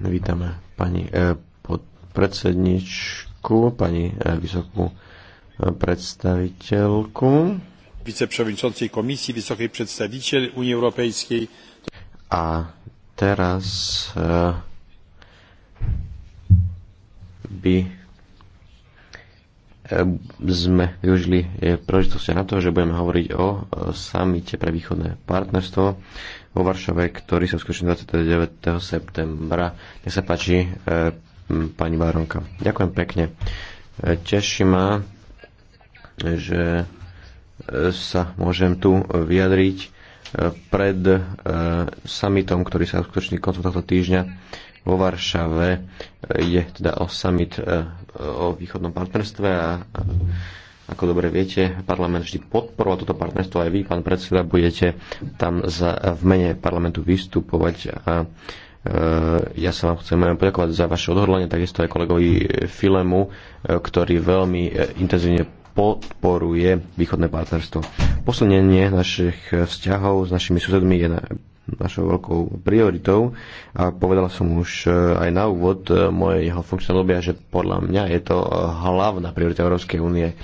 Vítame pani eh, podpredsedničku, pani eh, vysokú eh, predstaviteľku. Viceprzewodniczący Komisji Wysokiej Przedstawiciel Unii Europejskiej. A teraz by sme využili príležitosti na to, že budeme hovoriť o samite pre východné partnerstvo vo Varšave, ktorý sa uskutoční 29. septembra. Nech sa páči, e, pani Baronka. Ďakujem pekne. E, teší ma, že e, sa môžem tu vyjadriť pred summitom, ktorý sa uskutoční koncom tohto týždňa vo Varšave. Je teda o summit o východnom partnerstve a ako dobre viete, parlament vždy podporoval toto partnerstvo, aj vy, pán predseda, budete tam za, v mene parlamentu vystupovať a e, ja sa vám chcem poďakovať za vaše odhodlanie, takisto aj kolegovi Filemu, e, ktorý veľmi e, intenzívne podporuje východné partnerstvo. Posunenie našich vzťahov s našimi susedmi je našou veľkou prioritou a povedal som už aj na úvod mojeho funkčného obia, že podľa mňa je to hlavná priorita Európskej únie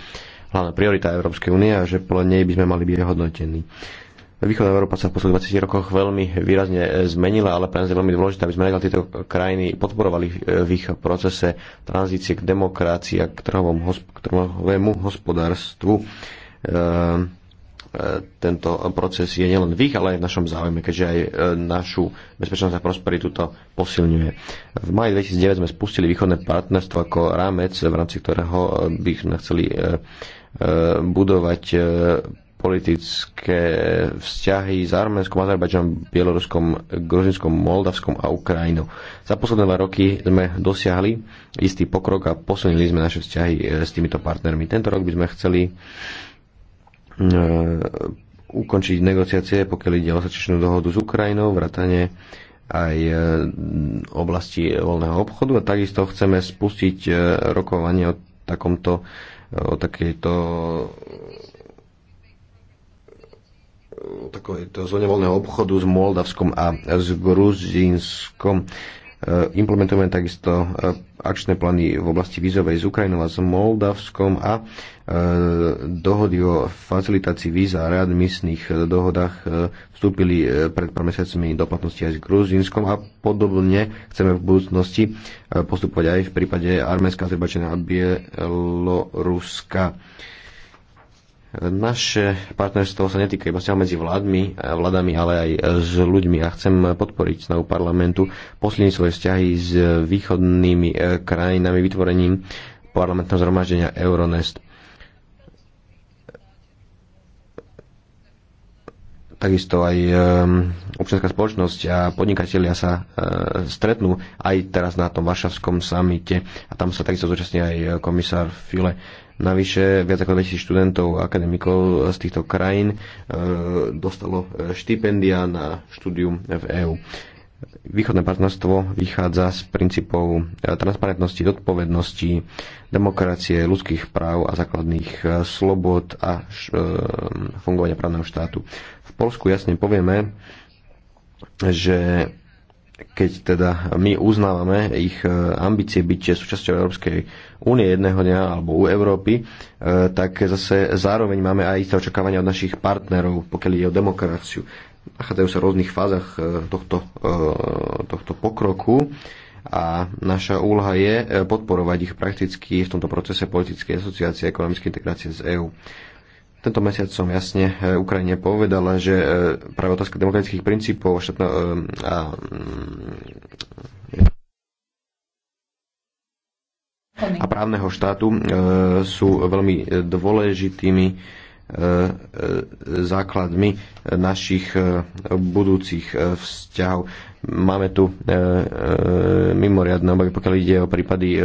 hlavná priorita Európskej únie a že podľa nej by sme mali byť hodnotení. Východná Európa sa v posledných 20 rokoch veľmi výrazne zmenila, ale pre nás je veľmi dôležité, aby sme tieto krajiny podporovali v ich procese tranzície k demokracii a k trhovom, k trhovému hospodárstvu. Ehm, e, tento proces je nielen v ich, ale aj v našom záujme, keďže aj e, našu bezpečnosť a prosperitu to posilňuje. V maji 2009 sme spustili východné partnerstvo ako rámec, v rámci ktorého e, by sme chceli Eh, budovať eh, politické vzťahy s Arménskom, Azerbajdžanom, Bieloruskom, Gruzinskom, Moldavskom a Ukrajinou. Za posledné dva roky sme dosiahli istý pokrok a posunili sme naše vzťahy eh, s týmito partnermi. Tento rok by sme chceli ukončiť negociácie, pokiaľ ide o sačičnú dohodu s Ukrajinou, vrátane aj oblasti voľného obchodu a takisto chceme spustiť rokovanie o takomto o takejto takovejto zvonevolného obchodu s Moldavskom a s Gruzínskom. E, implementujeme takisto e, akčné plány v oblasti vízovej s Ukrajinou a s Moldavskom a e, dohody o facilitácii víza a readmisných dohodách vstúpili pred pár mesiacmi do platnosti aj s Gruzínskom a podobne chceme v budúcnosti postupovať aj v prípade Arménska, Azerbačana a Bieloruska. Naše partnerstvo sa netýka iba vzťahov medzi vládmi, eh, vládami, ale aj eh, s ľuďmi a chcem eh, podporiť snahu parlamentu posilniť svoje vzťahy s východnými krajinami vytvorením parlamentného zhromaždenia Euronest. Takisto aj ehm, občianská spoločnosť a podnikatelia sa stretnú aj teraz na tom Varšavskom samite a tam sa takisto zúčastní aj komisár File Navyše viac ako 2000 študentov, akademikov z týchto krajín e, dostalo e, štipendia na štúdium v EÚ. Východné partnerstvo vychádza z princípov e, transparentnosti, odpovednosti, demokracie, ľudských práv a základných slobod a fungovania právneho štátu. V Polsku jasne povieme, že keď teda my uznávame ich e, ambície byť súčasťou Európskej únie jedného dňa alebo u Európy, e, tak zase zároveň máme aj isté očakávania od našich partnerov, pokiaľ ide o demokraciu. Nachádzajú sa v rôznych fázach e, tohto, tohto pokroku a naša úloha je podporovať ich prakticky v tomto procese politickej asociácie a ekonomickej integrácie z EÚ. Tento mesiac som jasne e, Ukrajine povedala, že e, práve otázka demokratických princípov e, a a právneho štátu e, sú veľmi dôležitými e, základmi našich budúcich vzťahov. Máme tu e, e, mimoriadne obavy, pokiaľ ide o prípady e, e,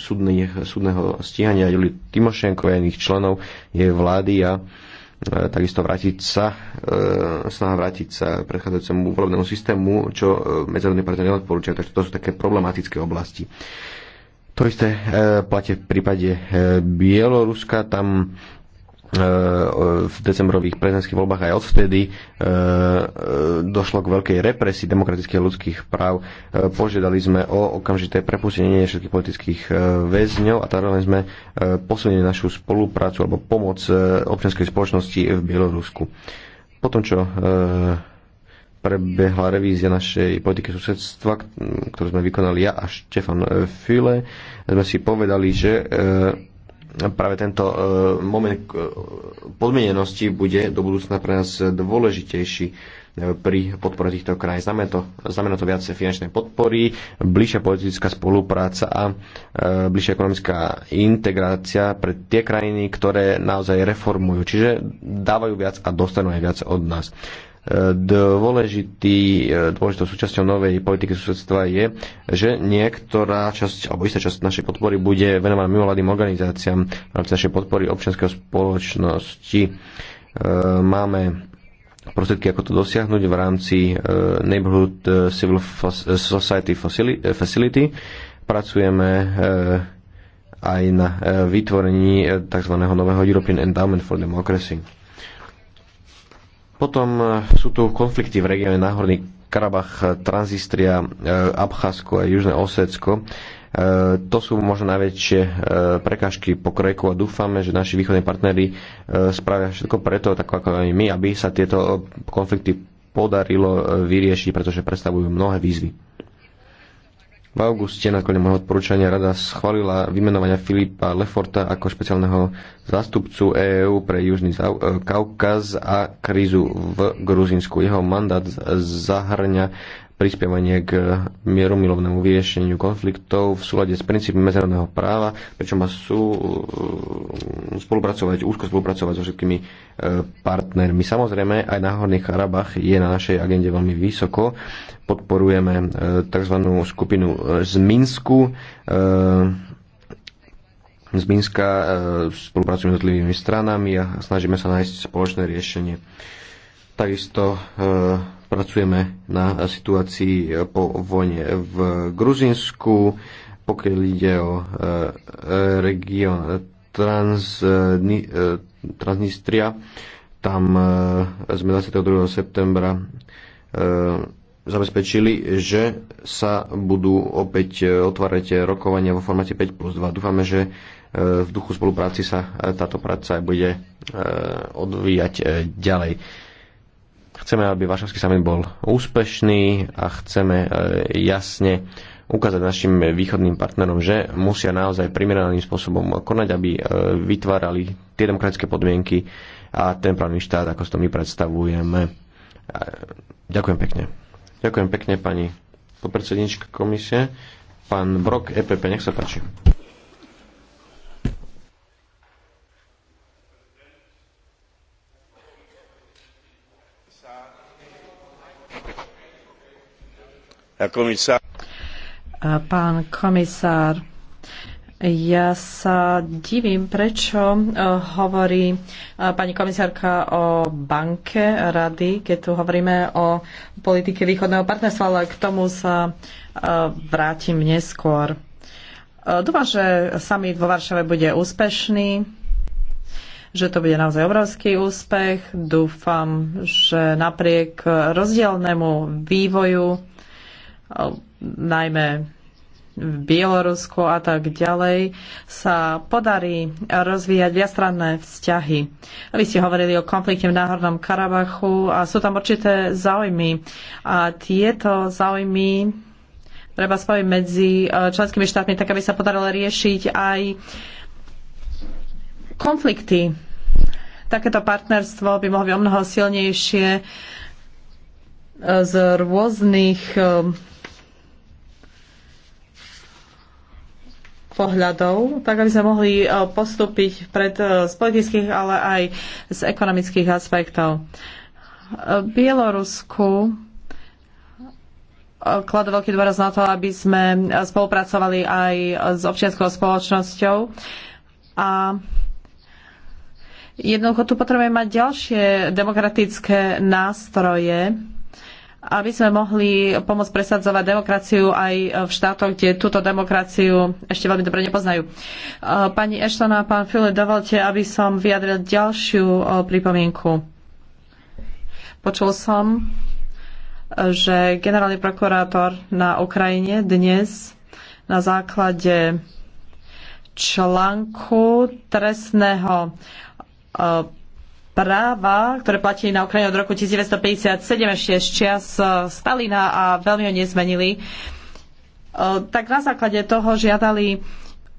súdnych, súdneho stíhania Juli Timošenko a iných členov jej vlády a e, takisto vrátiť sa, e, snaha vrátiť sa predchádzajúcemu volebnému systému, čo e, medzinárodný partner neodporúča, Takže to sú také problematické oblasti. To isté e, platí v prípade e, Bieloruska. Tam Eh, v decembrových prezidentských voľbách aj odvtedy eh, eh, došlo k veľkej represii demokratických ľudských práv. Požiadali sme o okamžité prepustenie všetkých politických väzňov a zároveň sme posunili našu spoluprácu alebo pomoc občianskej spoločnosti v Bielorusku. Potom, čo prebehla revízia našej politiky susedstva, ktorú sme vykonali ja a Štefan File, sme si povedali, že práve tento e, moment e, podmienenosti bude do budúcna pre nás dôležitejší e, pri podpore týchto kraj. Znamená to, znamená to viacej finančnej podpory, bližšia politická spolupráca a e, bližšia ekonomická integrácia pre tie krajiny, ktoré naozaj reformujú, čiže dávajú viac a dostanú aj viac od nás. Dôležitý, e, dôležitou súčasťou novej politiky susedstva je, že niektorá časť, alebo istá časť našej podpory bude venovaná mimovládnym organizáciám v rámci našej podpory občianskej spoločnosti. E, máme prostriedky, ako to dosiahnuť v rámci e, Neighborhood Civil Society Facility. Pracujeme aj na vytvorení tzv. nového European Endowment for Democracy. Potom e, sú tu konflikty v regióne Náhorný Karabach, e, transistria, e, Abcházsko a Južné Osecko. To sú možno najväčšie prekážky kreku a dúfame, že naši východní partnery spravia všetko preto, tak ako aj my, aby sa tieto konflikty podarilo vyriešiť, pretože predstavujú mnohé výzvy. V auguste nakoniec môjho odporúčania rada schválila vymenovania Filipa Leforta ako špeciálneho zástupcu EÚ e pre Južný e, Kaukaz a krízu v Gruzinsku. Jeho mandát zahrňa prispievanie k mieromilovnému vyriešeniu konfliktov v súlade s princípmi medzinárodného práva, pričom má sú e, spolupracovať, úzko spolupracovať so všetkými e, partnermi. Samozrejme, aj na Horných Karabach je na našej agende veľmi vysoko. Podporujeme e, tzv. skupinu z Minsku, z Minska, spolupracujeme s jednotlivými stranami a snažíme sa nájsť spoločné riešenie. Takisto pracujeme na situácii po vojne v Gruzinsku, pokiaľ ide o e, region región e, Transnistria. Tam e, sme 22. septembra zabezpečili, že sa budú opäť otvárať rokovania vo formáte 5 plus 2. Dúfame, že v duchu spolupráci sa táto práca bude odvíjať ďalej. Chceme, aby Varšavský summit bol úspešný a chceme e, jasne ukázať našim východným partnerom, že musia naozaj primeraným spôsobom konať, aby e, vytvárali tie demokratické podmienky a ten právny štát, ako si to my predstavujeme. E, ďakujem pekne. Ďakujem pekne pani podpredsednička komisie. Pán Brok, EPP, nech sa páči. Pán komisár, ja sa divím, prečo e, hovorí e, pani komisárka o banke rady, keď tu hovoríme o politike východného partnerstva, ale k tomu sa e, vrátim neskôr. Dúfam, že summit vo Varšave bude úspešný, že to bude naozaj obrovský úspech. Dúfam, že napriek rozdielnemu vývoju najmä v Bielorusku a tak ďalej, sa podarí rozvíjať viastranné vzťahy. Vy ste hovorili o konflikte v Náhornom Karabachu a sú tam určité záujmy. A tieto záujmy treba spojiť medzi e, členskými štátmi, tak aby sa podarilo riešiť aj konflikty. Takéto partnerstvo by mohlo byť o mnoho silnejšie e, z rôznych e, pohľadov, tak aby sme mohli e, postúpiť pred e, z politických, ale aj z ekonomických aspektov. E, Bielorusku kladú veľký dôraz na to, aby sme spolupracovali aj s občianskou spoločnosťou a jednoducho tu potrebujeme mať ďalšie demokratické nástroje, aby sme mohli pomôcť presadzovať demokraciu aj v štátoch, kde túto demokraciu ešte veľmi dobre nepoznajú. E, pani Ešton a pán File, dovolte, aby som vyjadril ďalšiu e, pripomienku. Počul som, e, že generálny prokurátor na Ukrajine dnes na základe článku trestného práva, ktoré platili na Ukrajine od roku 1957 ešte z čias e, Stalina a veľmi ho nezmenili, e, tak na základe toho žiadali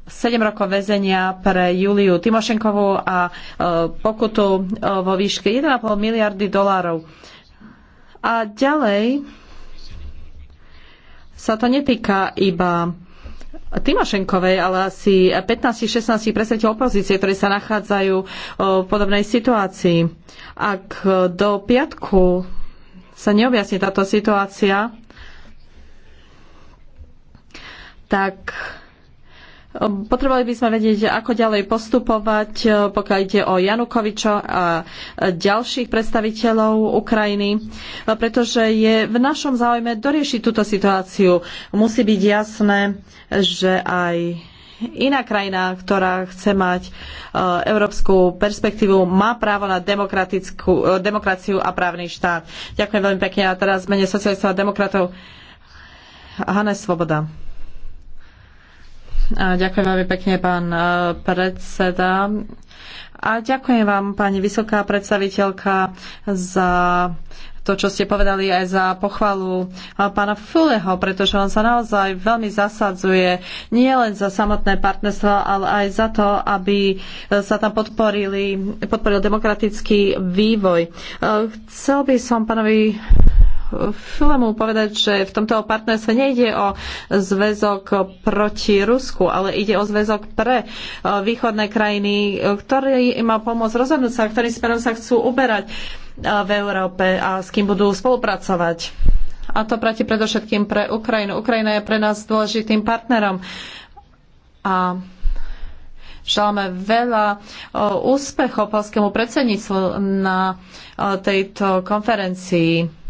7 rokov väzenia pre Juliu Timošenkovú a e, pokutu vo výške 1,5 miliardy dolárov. A ďalej sa to netýka iba Tymošenkovej, ale asi 15-16 predstaviteľov opozície, ktorí sa nachádzajú v podobnej situácii. Ak e, do piatku sa neobjasní táto situácia, tak Potrebovali by sme vedieť, ako ďalej postupovať, e, pokiaľ ide o Janukoviča a e, ďalších predstaviteľov Ukrajiny, e, pretože je v našom záujme doriešiť túto situáciu. Musí byť jasné, že aj iná krajina, ktorá chce mať európsku perspektívu, má právo na demokraciu a právny štát. Ďakujem veľmi pekne a teraz mene socialistov a demokratov. Hane Svoboda. Ďakujem veľmi pekne, pán e, predseda. A ďakujem vám, pani vysoká predstaviteľka, za to, čo ste povedali aj za pochvalu e, pána Fuleho, pretože on sa naozaj veľmi zasadzuje nie len za samotné partnerstvo, ale aj za to, aby e, sa tam podporili, podporil demokratický vývoj. Chcel by som pánovi Filemu povedať, že v tomto partnerstve nejde o zväzok proti Rusku, ale ide o zväzok pre e, východné krajiny, ktorý im má pomôcť rozhodnúť sa, ktorým smerom sa chcú uberať e, v Európe a s kým budú spolupracovať. A to platí predovšetkým pre Ukrajinu. Ukrajina je pre nás dôležitým partnerom. A želáme veľa e, úspechov polskému predsedníctvu na tejto konferencii.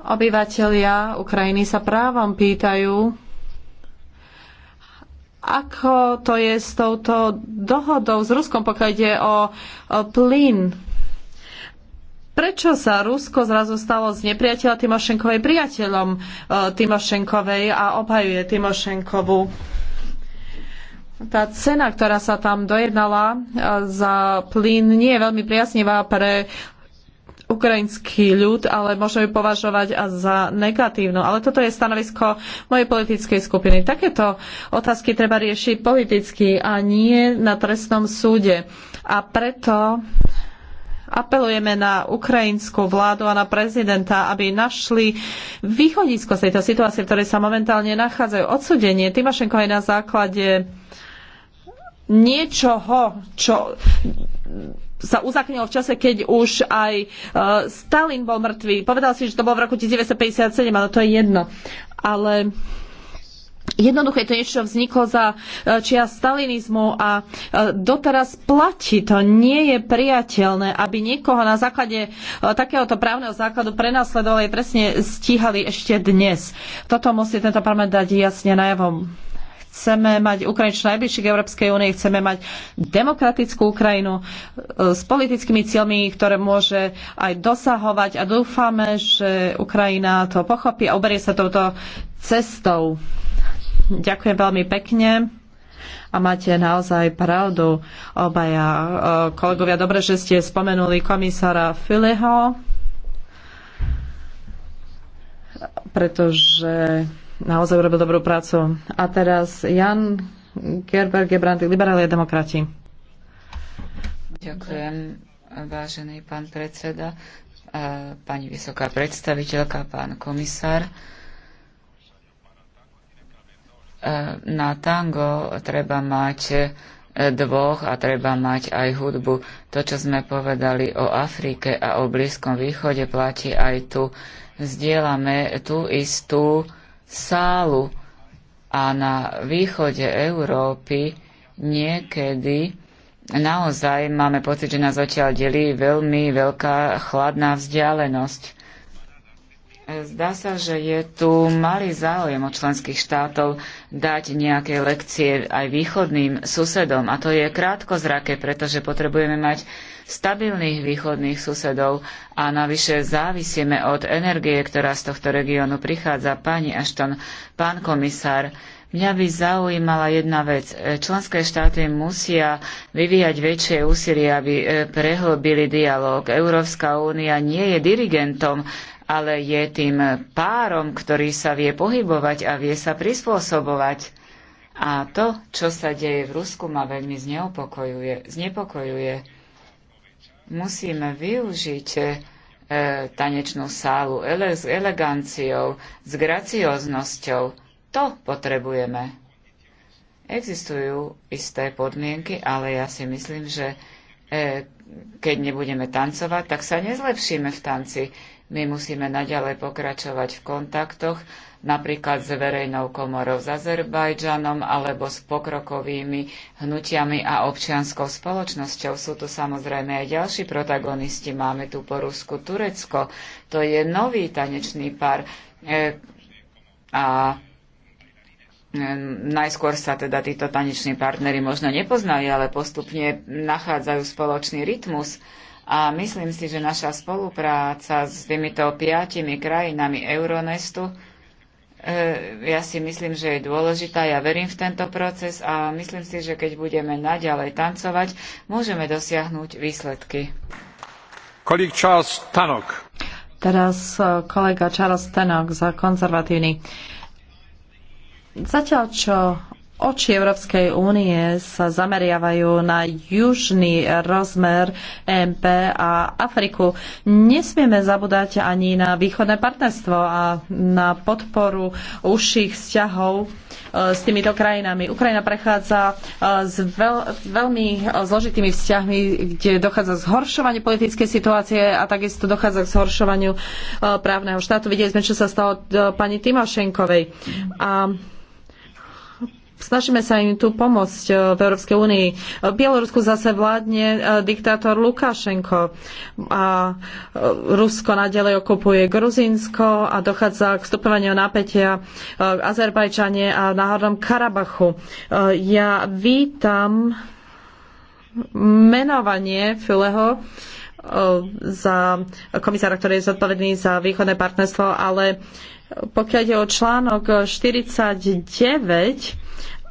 Obyvatelia Ukrajiny sa právom pýtajú, ako to je s touto dohodou s Ruskom, pokiaľ ide o, o plyn. Prečo sa Rusko zrazu stalo z nepriateľa Timošenkovej priateľom e, Timošenkovej a obhajuje Timošenkovu? Tá cena, ktorá sa tam dojednala e, za plyn, nie je veľmi priaznivá pre e, ukrajinský ľud, ale môžeme ju považovať za negatívnu. Ale toto je stanovisko mojej politickej skupiny. Takéto otázky treba riešiť politicky a nie na trestnom súde. A preto apelujeme na ukrajinskú vládu a na prezidenta, aby našli východisko z tejto situácie, v ktorej sa momentálne nachádzajú. Odsudenie Tymašenko je na základe niečoho, čo sa uzaknilo v čase, keď už aj e, Stalin bol mŕtvý. Povedal si, že to bolo v roku 1957, ale to je jedno. Ale Jednoduché to niečo vzniklo za e, čia stalinizmu a e, doteraz platí. To nie je priateľné, aby niekoho na základe takéhoto právneho základu prenasledovali presne stíhali ešte dnes. Toto musí tento parlament dať jasne najavom. Chceme mať Ukrajinu čo najbližšie k Európskej únii, chceme mať demokratickú Ukrajinu e, s politickými cieľmi, ktoré môže aj dosahovať a dúfame, že Ukrajina to pochopí a uberie sa touto cestou. Ďakujem veľmi pekne. A máte naozaj pravdu, obaja e, kolegovia. Dobre, že ste spomenuli komisára Filiho, pretože naozaj urobil dobrú prácu. A teraz Jan Gerber, Gebrandy, liberáli a demokrati. Ďakujem, vážený pán predseda, pani vysoká predstaviteľka, pán komisár. Na tango treba mať e, dvoch a treba mať aj hudbu. To, čo sme povedali o Afrike a o Blízkom východe, platí aj tu. Zdieľame tú istú sálu. A na východe Európy niekedy naozaj máme pocit, že nás odtiaľ delí veľmi veľká chladná vzdialenosť. Zdá sa, že je tu malý záujem od členských štátov dať nejaké lekcie aj východným susedom. A to je zrake, pretože potrebujeme mať stabilných východných susedov a navyše závisíme od energie, ktorá z tohto regiónu prichádza. Pani Ashton, pán komisár, Mňa by zaujímala jedna vec. Členské štáty musia vyvíjať väčšie úsilie, aby e, prehlbili dialog. Európska únia nie je dirigentom, ale je tým párom, ktorý sa vie pohybovať a vie sa prispôsobovať. A to, čo sa deje v Rusku, ma veľmi zneopokojuje, znepokojuje. Musíme využiť e, tanečnú sálu ele- s eleganciou, s gracioznosťou. To potrebujeme. Existujú isté podmienky, ale ja si myslím, že e, keď nebudeme tancovať, tak sa nezlepšíme v tanci. My musíme naďalej pokračovať v kontaktoch, napríklad s verejnou komorou s Azerbajdžanom alebo s pokrokovými hnutiami a občianskou spoločnosťou. Sú tu samozrejme aj ďalší protagonisti. Máme tu po Rusku Turecko. To je nový tanečný pár. E, a Hm, najskôr sa teda títo taneční partnery možno nepoznali, ale postupne nachádzajú spoločný rytmus. A myslím si, že naša spolupráca s týmito piatimi krajinami Euronestu, eh, ja si myslím, že je dôležitá, ja verím v tento proces a myslím si, že keď budeme naďalej tancovať, môžeme dosiahnuť výsledky. Kolik Tanok? Teraz eh, kolega Charles Tanok za konzervatívny. Zatiaľ, čo oči Európskej únie sa zameriavajú na južný rozmer e MP a Afriku. Nesmieme zabúdať ani na východné partnerstvo a na podporu užších vzťahov e, s týmito krajinami. Ukrajina prechádza e, s veľ, veľmi zložitými vzťahmi, kde dochádza k zhoršovaniu politickej situácie a takisto dochádza k zhoršovaniu právneho štátu. Videli sme, čo sa stalo pani Timošenkovej. A snažíme sa im tu pomôcť e, v Európskej únii. V e, Bielorusku zase vládne e, diktátor Lukašenko a Rusko nadalej okupuje Gruzínsko a dochádza k stupovaniu napätia v Azerbajčane a Náhornom Karabachu. Ja vítam menovanie Fileho za komisára, ktorý je zodpovedný za východné partnerstvo, ale uh, pokiaľ ide o článok 49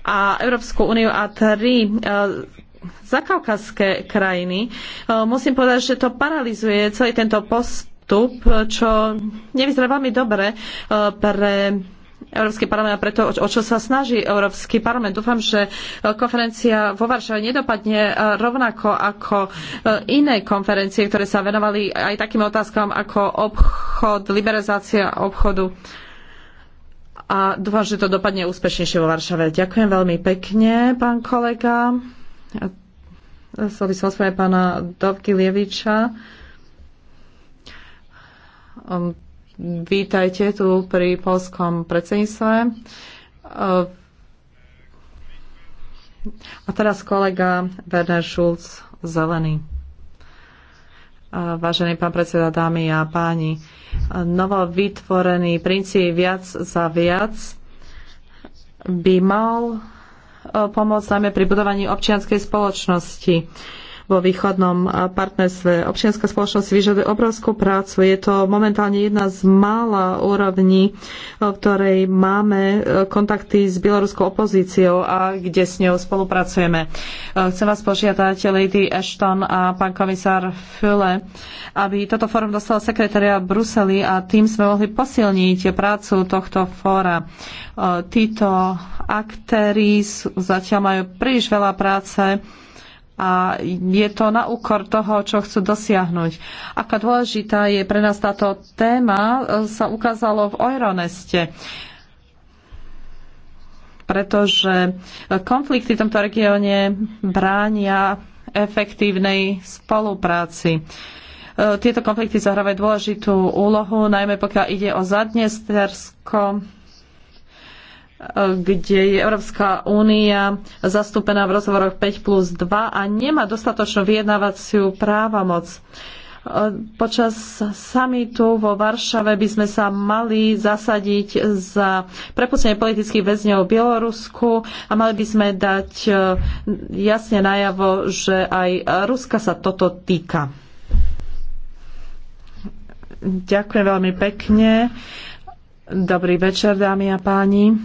a Európsku úniu a tri e, zakaukazské krajiny, e, musím povedať, že to paralizuje celý tento postup, čo nevyzerá veľmi dobre e, pre Európsky parlament a preto, o čo sa snaží Európsky parlament. Dúfam, že e, konferencia vo Varšave nedopadne e, rovnako ako e, iné konferencie, ktoré sa venovali aj takým otázkam ako obchod, liberalizácia obchodu. A dúfam, že to dopadne úspešnejšie vo Varšave. Ďakujem veľmi pekne, pán kolega. Chcel by som pána Dovky Lieviča. Um, ehm, Vítajte tu pri polskom predsedníctve. A teraz kolega Werner Schulz, zelený. Vážený pán predseda, dámy a páni, novo vytvorený princíp viac za viac by mal e, pomôcť najmä pri budovaní občianskej spoločnosti vo východnom partnerstve. Občianská spoločnosť vyžaduje obrovskú prácu. Je to momentálne jedna z mála úrovní, v ktorej máme e, kontakty s bieloruskou opozíciou a kde s ňou spolupracujeme. E, chcem vás požiadať, Lady Ashton a pán komisár Füle, aby toto fórum dostalo sekretária v Bruseli a tým sme mohli posilniť prácu tohto fóra. E, títo aktéry zatiaľ majú príliš veľa práce a je to na úkor toho, čo chcú dosiahnuť. Aká dôležitá je pre nás táto téma, e, sa ukázalo v Euroneste pretože konflikty v tomto regióne bránia efektívnej spolupráci. E, tieto konflikty zahrávajú dôležitú úlohu, najmä pokiaľ ide o Zadnestersko, kde je Európska únia zastúpená v rozhovoroch 5 plus 2 a nemá dostatočnú vyjednávaciu právomoc. Počas samitu vo Varšave by sme sa mali zasadiť za prepustenie politických väzňov v Bielorusku a mali by sme dať e, jasne najavo, že aj Ruska sa toto týka. Ďakujem veľmi pekne. Dobrý večer, dámy a páni.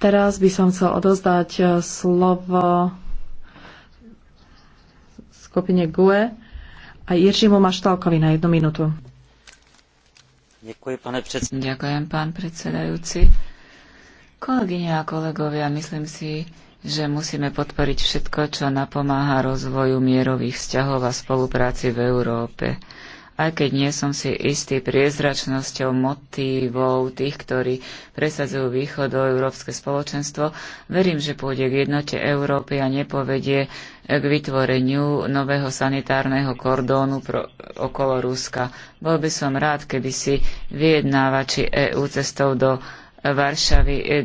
Teraz by som chcel odozdať eh, slovo skupine GUE a Jiržimu Maštalkovi na jednu minútu. Ďakujem, pane predsed... Ďakujem, pán predsedajúci. Kolegyne a kolegovia, myslím si, že musíme podporiť všetko, čo napomáha rozvoju mierových vzťahov a spolupráci v Európe aj keď nie som si istý priezračnosťou motívov tých, ktorí presadzujú európske spoločenstvo, verím, že pôjde k jednote Európy a nepovedie k vytvoreniu nového sanitárneho kordónu pro, okolo Ruska. Bol by som rád, keby si vyjednávači EÚ cestou do Varšavy e,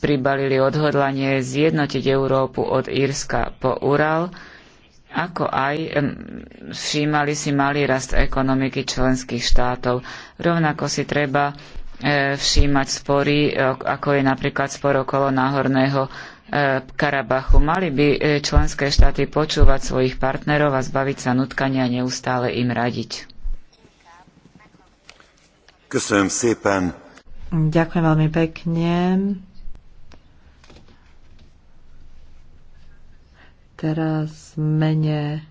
pribalili odhodlanie zjednotiť Európu od Írska po Ural, ako aj všímali si malý rast ekonomiky členských štátov. Rovnako si treba e, všímať spory, e, ako je napríklad spor okolo Náhorného e, Karabachu. Mali by členské štáty počúvať svojich partnerov a zbaviť sa nutkania a neustále im radiť. Ďakujem veľmi pekne. Teraz mene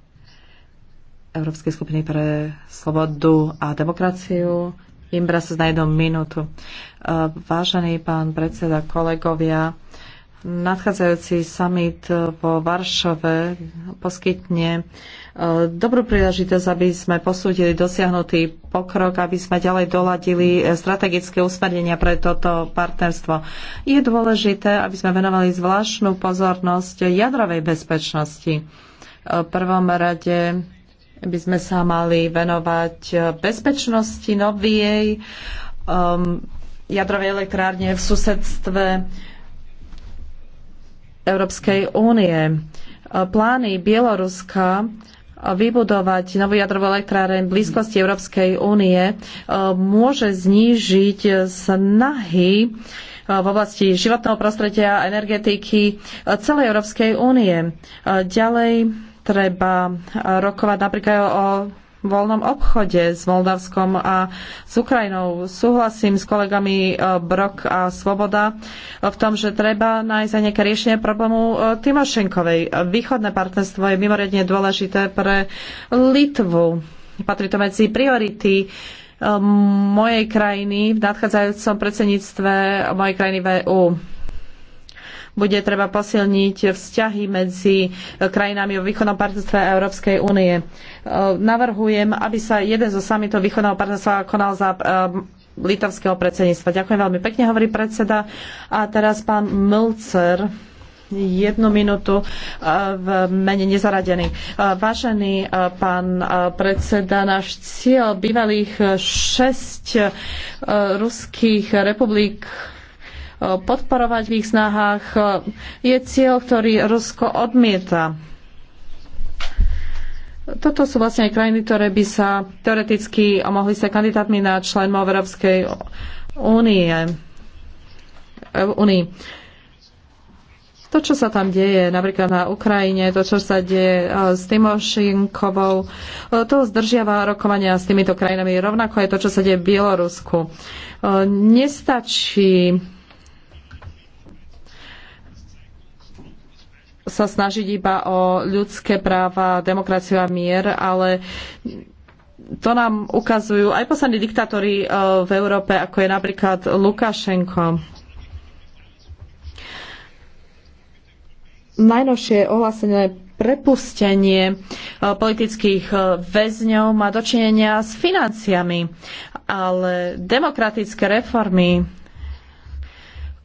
Európskej skupiny pre slobodu a demokraciu. Imbra sa na jednu minútu. E, vážený pán predseda, kolegovia, nadchádzajúci summit vo Varšave poskytne e, dobrú príležitosť, aby sme posúdili dosiahnutý pokrok, aby sme ďalej doladili strategické usmernenia pre toto partnerstvo. Je dôležité, aby sme venovali zvláštnu pozornosť jadrovej bezpečnosti. E, v prvom rade by sme sa mali venovať bezpečnosti novej um, jadrovej elektrárne v susedstve uh, Európskej únie. Plány Bieloruska vybudovať novú jadrovú elektráreň v blízkosti Európskej únie eh, môže znížiť snahy eh, v oblasti životného prostredia a energetiky eh, celej Európskej únie. Ďalej treba rokovať napríklad o voľnom obchode s Moldavskom a s Ukrajinou. Súhlasím s kolegami e, Brok a Svoboda e, v tom, že treba nájsť aj nejaké riešenie problému e, Timošenkovej. Východné partnerstvo je mimoriadne dôležité pre Litvu. Patrí to medzi priority mojej krajiny v nadchádzajúcom predsedníctve mojej krajiny VU bude treba posilniť vzťahy medzi e, krajinami vo východnom partnerstve a Európskej únie. E, navrhujem, aby sa jeden zo samitov východného partnerstva konal za e, litovského predsedníctva. Ďakujem veľmi pekne, hovorí predseda. A teraz pán Mlcer jednu minútu v mene nezaradených. Vážený pán predseda, náš cieľ bývalých šesť ruských republik podporovať v ich snahách, je cieľ, ktorý Rusko odmieta. Toto sú vlastne aj krajiny, ktoré by sa teoreticky mohli sa kandidátmi na členov Európskej únie. Unii. To, čo sa tam deje, napríklad na Ukrajine, to, čo sa deje e, s Timošinkovou, e, to zdržiava rokovania s týmito krajinami. Rovnako je to, čo sa deje v Bielorusku. E, nestačí sa snažiť iba o ľudské práva, demokraciu a mier, ale to nám ukazujú aj poslední diktátori e, v Európe, ako je napríklad Lukašenko. Najnovšie ohlásené prepustenie e, politických e, väzňov má dočinenia s financiami, ale demokratické reformy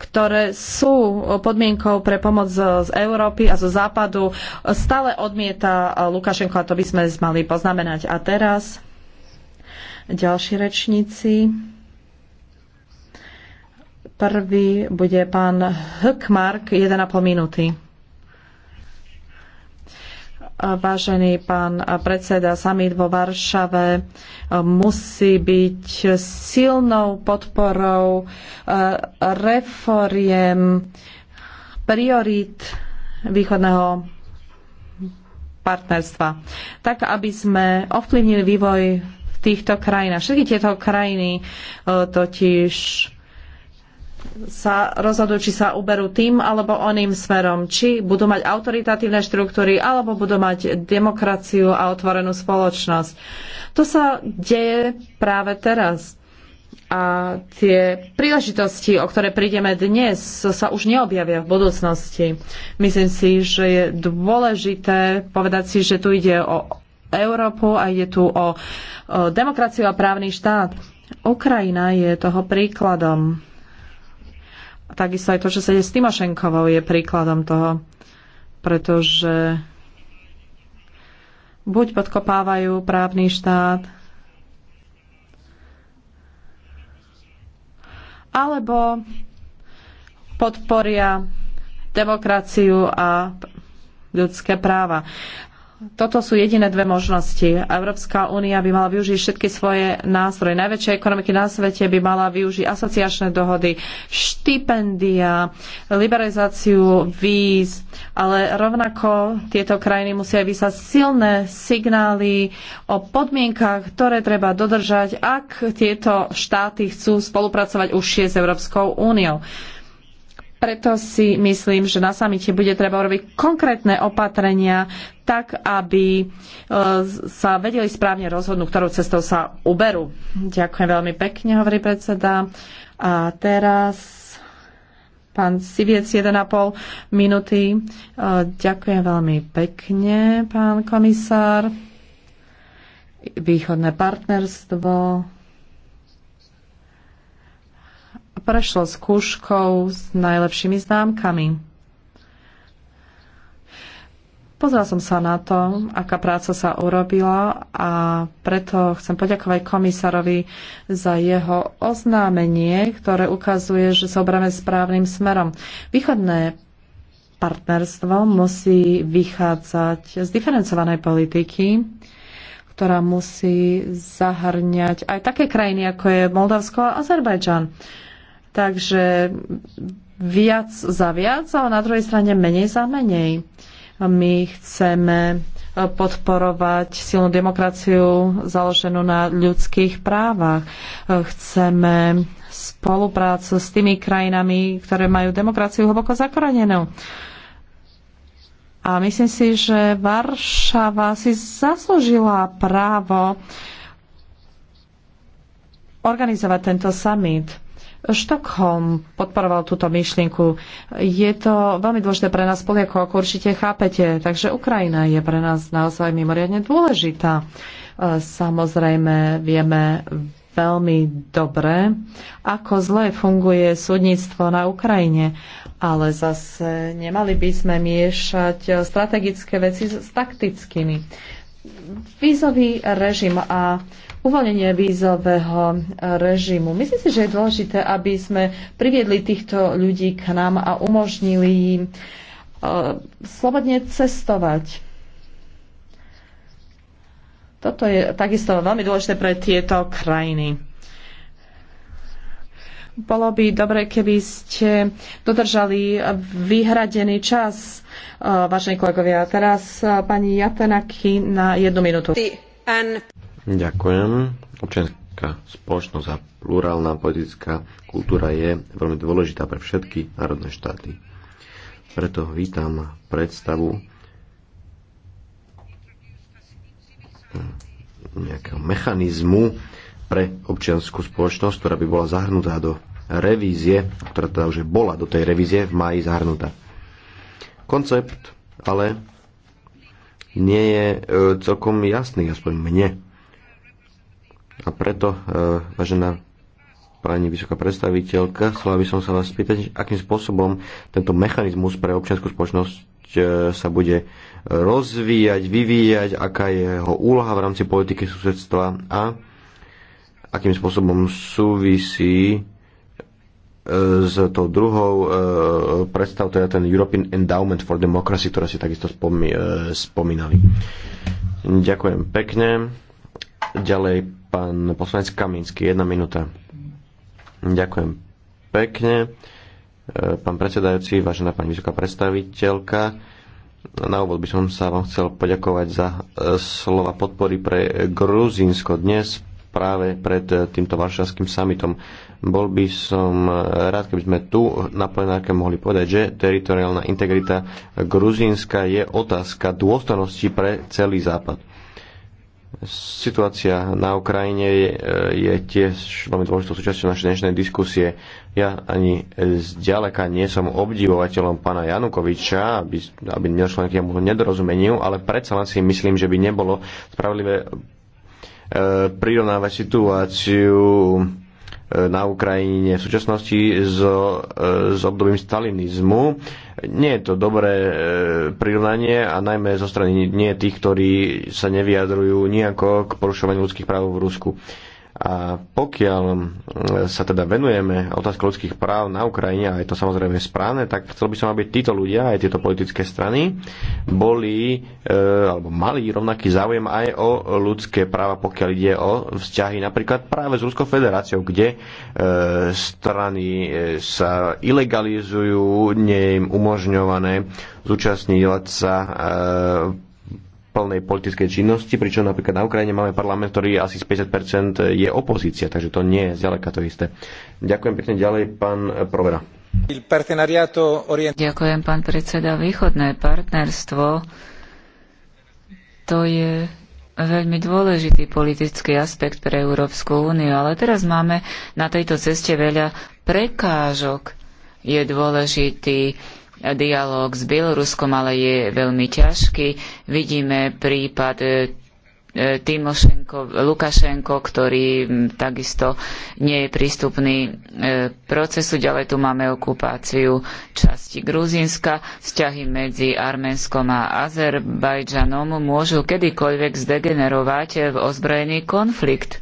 ktoré sú podmienkou pre pomoc z Európy a zo Západu, stále odmieta Lukašenko a to by sme mali poznamenať. A teraz ďalší rečníci. Prvý bude pán Hkmark, 1,5 minúty. Vážený pán predseda, summit vo Varšave eh, musí byť silnou podporou eh, reforiem priorít východného partnerstva, tak aby sme ovplyvnili vývoj v týchto krajinách. Všetky tieto krajiny eh, totiž sa rozhodujú, či sa uberú tým alebo oným smerom, či budú mať autoritatívne štruktúry alebo budú mať demokraciu a otvorenú spoločnosť. To sa deje práve teraz. A tie príležitosti, o ktoré prídeme dnes, sa už neobjavia v budúcnosti. Myslím si, že je dôležité povedať si, že tu ide o Európu a ide tu o, o demokraciu a právny štát. Ukrajina je toho príkladom a takisto aj to, že deje s Timošenkovou je príkladom toho, pretože buď podkopávajú právny štát, alebo podporia demokraciu a ľudské práva toto sú jediné dve možnosti. Európska únia by mala využiť všetky svoje nástroje. Najväčšie ekonomiky na svete by mala využiť asociačné dohody, štipendia, liberalizáciu víz, ale rovnako tieto krajiny musia vysať silné signály o podmienkach, ktoré treba dodržať, ak tieto štáty chcú spolupracovať užšie s Európskou úniou. Preto si myslím, že na samite bude treba robiť konkrétne opatrenia, tak aby e, sa vedeli správne rozhodnúť, ktorou cestou sa uberú. Ďakujem veľmi pekne, hovorí predseda. A teraz pán Siviec 1,5 minúty. E, ďakujem veľmi pekne, pán komisár. Východné partnerstvo prešlo skúškou s najlepšími známkami. Pozrel som sa na to, aká práca sa urobila a preto chcem poďakovať komisárovi za jeho oznámenie, ktoré ukazuje, že sa obráme správnym smerom. Východné partnerstvo musí vychádzať z diferencovanej politiky, ktorá musí zahrňať aj také krajiny, ako je Moldavsko a Azerbajdžan. Takže viac za viac, ale na druhej strane menej za menej. My chceme e, podporovať silnú demokraciu založenú na ľudských právach. E, chceme spoluprácu s tými krajinami, ktoré majú demokraciu hlboko zakorenenú. A myslím si, že Varšava si zaslúžila právo organizovať tento summit Štokholm podporoval túto myšlienku. Je to veľmi dôležité pre nás Poliakov, ako určite chápete. Takže Ukrajina je pre nás naozaj mimoriadne dôležitá. E, samozrejme, vieme veľmi dobre, ako zle funguje súdnictvo na Ukrajine. Ale zase nemali by sme miešať strategické veci s taktickými vízový režim a uvolnenie vízového režimu. Myslím si, že je dôležité, aby sme priviedli týchto ľudí k nám a umožnili im e, slobodne cestovať. Toto je takisto veľmi dôležité pre tieto krajiny. Bolo by dobre, keby ste dodržali vyhradený čas, eh, vážení kolegovia. Teraz eh, pani Jatenaky na jednu minútu. Ďakujem. Občianská spoločnosť a plurálna politická kultúra je veľmi dôležitá pre všetky národné štáty. Preto vítam predstavu nejakého mechanizmu, pre občianskú spoločnosť, ktorá by bola zahrnutá do revízie, ktorá teda už bola do tej revízie v máji zahrnutá. Koncept ale nie je e, celkom jasný, aspoň mne. A preto, e, vážená pani vysoká predstaviteľka, chcela by som sa vás spýtať, akým spôsobom tento mechanizmus pre občianskú spoločnosť e, sa bude rozvíjať, vyvíjať, aká je jeho úloha v rámci politiky susedstva a akým spôsobom súvisí e, s tou druhou e, predstav, teda ten European Endowment for Democracy, ktorá si takisto spomí, e, spomínali. Ďakujem pekne. Ďalej pán poslanec Kamínsky, jedna minúta. Ďakujem pekne. Pán predsedajúci, vážená pani vysoká predstaviteľka, na úvod by som sa vám chcel poďakovať za slova podpory pre Gruzínsko. Dnes práve pred eh, týmto varšavským summitom. Bol by som eh, rád, keby sme tu na plenárke mohli povedať, že teritoriálna integrita Gruzínska je otázka dôstojnosti pre celý Západ. Situácia na Ukrajine je, eh, je tiež veľmi dôležitou súčasťou našej dnešnej diskusie. Ja ani zďaleka nie som obdivovateľom pána Janukoviča, aby, aby nešlo nejakému nedorozumeniu, ale predsa len si myslím, že by nebolo spravodlivé E, prirovnávať situáciu e, na Ukrajine v súčasnosti so, e, s obdobím stalinizmu. Nie je to dobré prirovnanie a najmä zo strany nie tých, ktorí sa nevyjadrujú nejako k porušovaniu ľudských práv v Rusku. A pokiaľ e, sa teda venujeme otázke ľudských práv na Ukrajine, a je to samozrejme správne, tak chcel by som, aby títo ľudia, aj tieto politické strany, boli e, alebo mali rovnaký záujem aj o ľudské práva, pokiaľ ide o vzťahy napríklad práve s Ruskou federáciou, kde e, strany e, sa ilegalizujú, nie je im umožňované zúčastňovať sa e, plnej politickej činnosti, pričom napríklad na Ukrajine máme parlament, ktorý asi z 50% je opozícia, takže to nie je zďaleka to isté. Ďakujem pekne ďalej, pán Provera. Ďakujem, pán predseda. Východné partnerstvo to je veľmi dôležitý politický aspekt pre Európsku úniu, ale teraz máme na tejto ceste veľa prekážok. Je dôležitý dialóg s Bieloruskom, ale je veľmi ťažký. Vidíme prípad e, e, Timošenko, Lukašenko, ktorý takisto nie je prístupný e, procesu. Ďalej tu máme okupáciu časti Gruzínska. Vzťahy medzi Arménskom a Azerbajdžanom môžu kedykoľvek zdegenerovať v ozbrojený konflikt.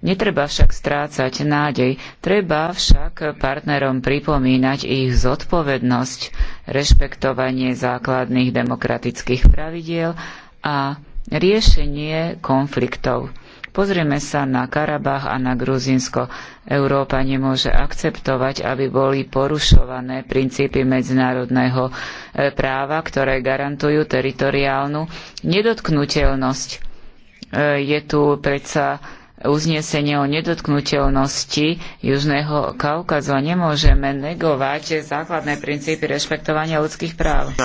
Netreba však strácať nádej, treba však partnerom pripomínať ich zodpovednosť, rešpektovanie základných demokratických pravidiel a riešenie konfliktov. Pozrieme sa na Karabach a na Gruzinsko. Európa nemôže akceptovať, aby boli porušované princípy medzinárodného e, práva, ktoré garantujú teritoriálnu nedotknutelnosť. E, je tu predsa uznesenie o nedotknutelnosti Južného Kaukazu a nemôžeme negovať základné princípy rešpektovania ľudských práv.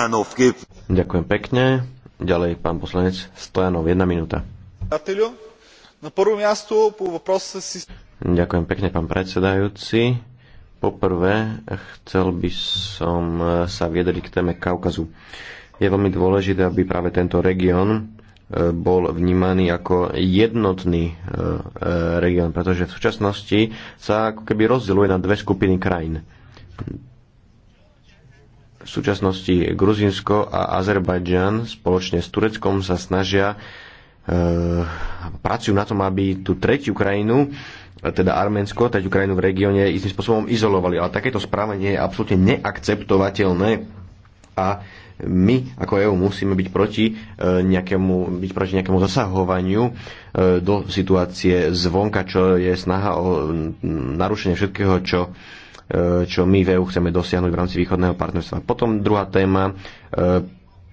Ďakujem pekne. Ďalej pán poslanec Stojanov, jedna minúta. Ďakujem pekne, pán predsedajúci. Poprvé, chcel by som sa viedriť k téme Kaukazu. Je veľmi dôležité, aby práve tento región bol vnímaný ako jednotný e, e, región, pretože v súčasnosti sa ako keby rozdeluje na dve skupiny krajín. V súčasnosti Gruzinsko a Azerbajdžan spoločne s Tureckom sa snažia e, pracujú na tom, aby tú tretiu krajinu teda Arménsko, tretiu krajinu v regióne, istým spôsobom izolovali. Ale takéto správanie je absolútne neakceptovateľné a my ako EU musíme byť proti e, nejakému, byť proti nejakému zasahovaniu e, do situácie zvonka, čo je snaha o narušenie všetkého, čo e, čo my v EU chceme dosiahnuť v rámci východného partnerstva. Potom druhá téma,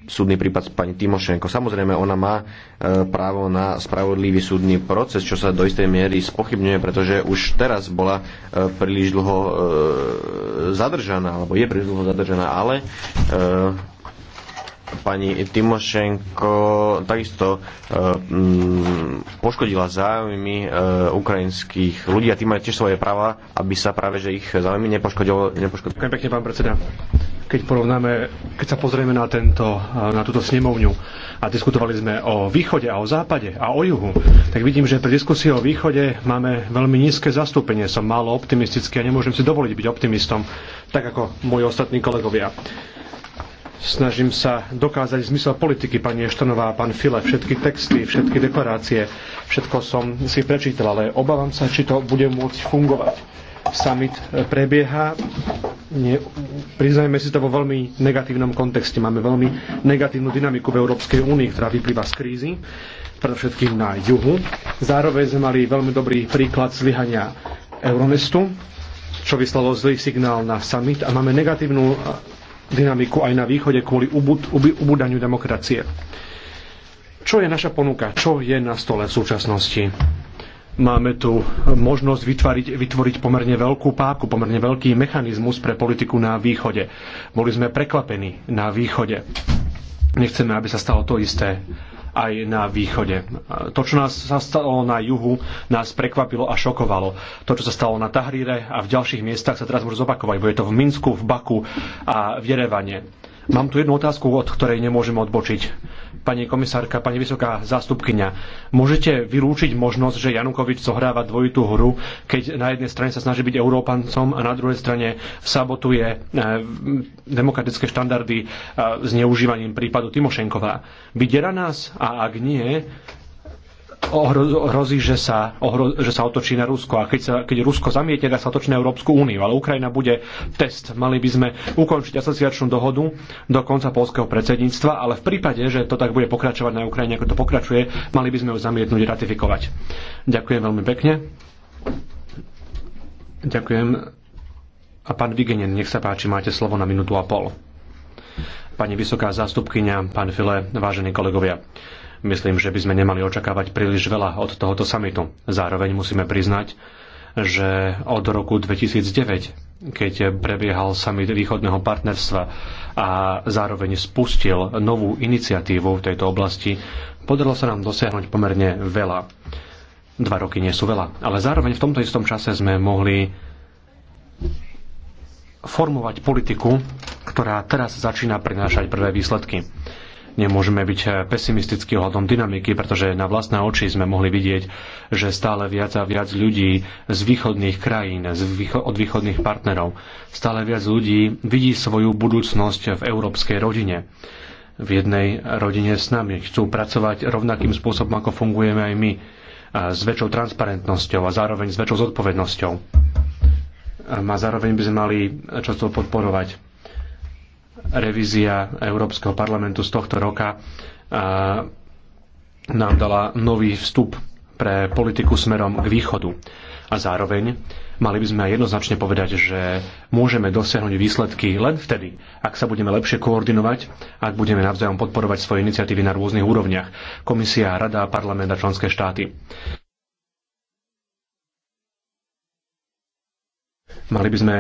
súdny prípad s pani Timošenko. Samozrejme, ona má právo na spravodlivý súdny proces, čo sa do istej miery spochybňuje, pretože už teraz bola príliš dlho zadržaná, alebo je príliš dlho zadržaná, ale pani Timošenko takisto e, mm, poškodila záujmy e, ukrajinských ľudí a tí majú tiež svoje práva, aby sa práve že ich záujmy nepoškodilo. nepoškodilo. Ďakujem pekne, pán predseda. Keď porovnáme, keď sa pozrieme na, tento, e, na túto snemovňu a diskutovali sme o východe a o západe a o juhu, tak vidím, že pri diskusii o východe máme veľmi nízke zastúpenie. Som málo optimistický a nemôžem si dovoliť byť optimistom, tak ako moji ostatní kolegovia. Snažím sa dokázať zmysel politiky, pani Eštonová a pán File, všetky texty, všetky deklarácie, všetko som si prečítal, ale obávam sa, či to bude môcť fungovať. Summit e, prebieha, ne, priznajme si to vo veľmi negatívnom kontexte. Máme veľmi negatívnu dynamiku v Európskej únii, ktorá vyplýva z krízy, predovšetkým na juhu. Zároveň sme mali veľmi dobrý príklad zlyhania Euronestu, čo vyslalo zlý signál na summit a máme negatívnu dynamiku aj na východe kvôli ubud, ubudaniu demokracie. Čo je naša ponuka? Čo je na stole v súčasnosti? Máme tu možnosť vytvoriť, vytvoriť pomerne veľkú páku, pomerne veľký mechanizmus pre politiku na východe. Boli sme prekvapení na východe. Nechceme, aby sa stalo to isté aj na východe. To, čo nás sa stalo na juhu, nás prekvapilo a šokovalo. To, čo sa stalo na Tahrire a v ďalších miestach sa teraz môže zopakovať. Bude to v Minsku, v Baku a v Jerevane. Mám tu jednu otázku, od ktorej nemôžem odbočiť pani komisárka, pani vysoká zástupkynia, môžete vylúčiť možnosť, že Janukovič zohráva dvojitú hru, keď na jednej strane sa snaží byť Európancom a na druhej strane sabotuje eh, demokratické štandardy eh, zneužívaním prípadu Timošenkova. Vydiera nás a ak nie, hrozí, že sa, ohro, že sa otočí na Rusko. A keď, sa, keď Rusko zamietne, tak sa otočí na Európsku úniu. Ale Ukrajina bude test. Mali by sme ukončiť asociačnú dohodu do konca polského predsedníctva, ale v prípade, že to tak bude pokračovať na Ukrajine, ako to pokračuje, mali by sme ju zamietnúť, ratifikovať. Ďakujem veľmi pekne. Ďakujem. A pán Vigenen, nech sa páči, máte slovo na minútu a pol. Pani vysoká zástupkynia, pán File, vážení kolegovia. Myslím, že by sme nemali očakávať príliš veľa od tohoto samitu. Zároveň musíme priznať, že od roku 2009, keď prebiehal samit východného partnerstva a zároveň spustil novú iniciatívu v tejto oblasti, podarilo sa nám dosiahnuť pomerne veľa. Dva roky nie sú veľa, ale zároveň v tomto istom čase sme mohli formovať politiku, ktorá teraz začína prinášať prvé výsledky nemôžeme byť eh, pesimistickí ohľadom dynamiky, pretože na vlastné oči sme mohli vidieť, že stále viac a viac ľudí z východných krajín, z výcho- od východných partnerov, stále viac ľudí vidí svoju budúcnosť v európskej rodine v jednej rodine s nami. Chcú pracovať rovnakým spôsobom, ako fungujeme aj my, s väčšou transparentnosťou a zároveň s väčšou zodpovednosťou. A zároveň by sme mali často podporovať revízia Európskeho parlamentu z tohto roka nám dala nový vstup pre politiku smerom k východu. A zároveň mali by sme aj jednoznačne povedať, že môžeme dosiahnuť výsledky len vtedy, ak sa budeme lepšie koordinovať, ak budeme navzájom podporovať svoje iniciatívy na rôznych úrovniach, komisia, rada, parlament a členské štáty. Mali by sme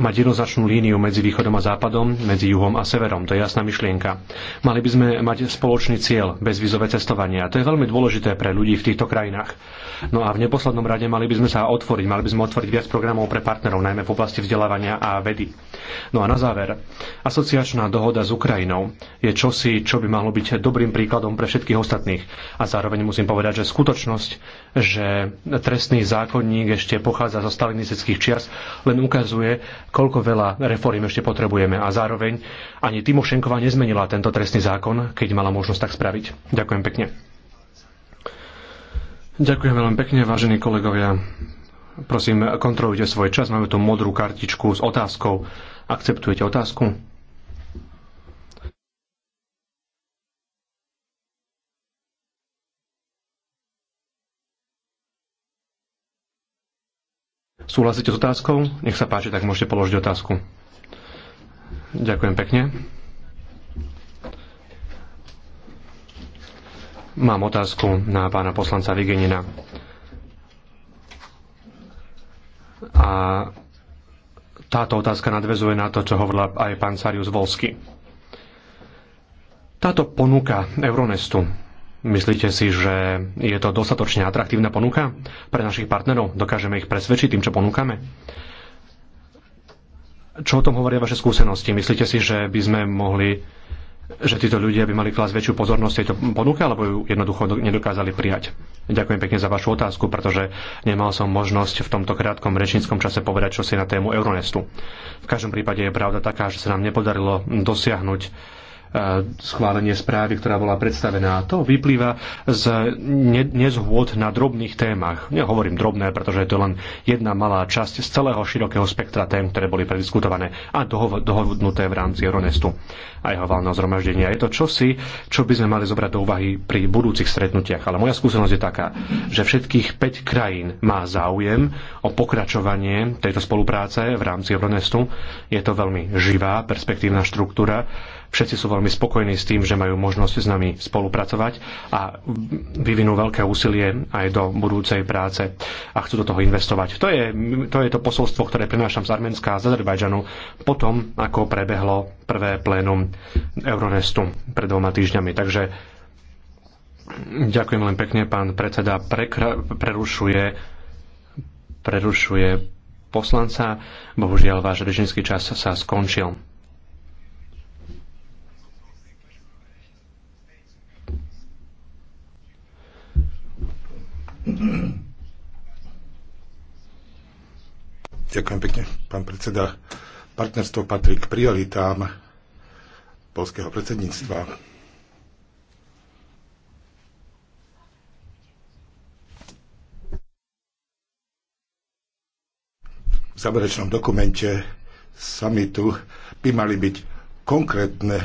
mať jednoznačnú líniu medzi východom a západom, medzi juhom a severom. To je jasná myšlienka. Mali by sme mať spoločný cieľ, bezvizové cestovania. To je veľmi dôležité pre ľudí v týchto krajinách. No a v neposlednom rade mali by sme sa otvoriť, mali by sme otvoriť viac programov pre partnerov, najmä v oblasti vzdelávania a vedy. No a na záver, asociačná dohoda s Ukrajinou je čosi, čo by malo byť dobrým príkladom pre všetkých ostatných. A zároveň musím povedať, že skutočnosť, že trestný zákonník ešte pochádza zo stalinistických čias, len ukazuje, koľko veľa reform ešte potrebujeme. A zároveň ani Timošenková nezmenila tento trestný zákon, keď mala možnosť tak spraviť. Ďakujem pekne. Ďakujem veľmi pekne, vážení kolegovia. Prosím, kontrolujte svoj čas. Máme tu modrú kartičku s otázkou. Akceptujete otázku? Súhlasíte s otázkou? Nech sa páči, tak môžete položiť otázku. Ďakujem pekne. Mám otázku na pána poslanca Vigenina. A táto otázka nadvezuje na to, čo hovorila aj pán Sarius Volsky. Táto ponuka Euronestu Myslíte si, že je to dostatočne atraktívna ponuka pre našich partnerov? Dokážeme ich presvedčiť tým, čo ponúkame? Čo o tom hovoria vaše skúsenosti? Myslíte si, že by sme mohli že títo ľudia by mali klásť väčšiu pozornosť tejto ponuke, alebo ju jednoducho nedokázali prijať. Ďakujem pekne za vašu otázku, pretože nemal som možnosť v tomto krátkom rečníckom čase povedať, čo si na tému Euronestu. V každom prípade je pravda taká, že sa nám nepodarilo dosiahnuť E, schválenie správy, ktorá bola predstavená. A To vyplýva z nezhôd na drobných témach. Nehovorím drobné, pretože je to len jedna malá časť z celého širokého spektra tém, ktoré boli prediskutované a dohodnuté v rámci Euronestu a jeho valného zhromaždenia. Je to čosi, čo by sme mali zobrať do úvahy pri budúcich stretnutiach. Ale moja skúsenosť je taká, že všetkých 5 krajín má záujem o pokračovanie tejto spolupráce v rámci Euronestu. Je to veľmi živá, perspektívna štruktúra Všetci sú veľmi spokojní s tým, že majú možnosť s nami spolupracovať a vyvinú veľké úsilie aj do budúcej práce a chcú do toho investovať. To je to, je to posolstvo, ktoré prinášam z Arménska a z Azerbajdžanu po tom, ako prebehlo prvé plénum Euronestu pred dvoma týždňami. Takže Ďakujem len pekne, pán predseda. Prekra- prerušuje, prerušuje poslanca. Bohužiaľ, váš režimský čas sa skončil. Ďakujem pekne, pán predseda. Partnerstvo patrí k prioritám polského predsedníctva. V záverečnom dokumente samitu by mali byť konkrétne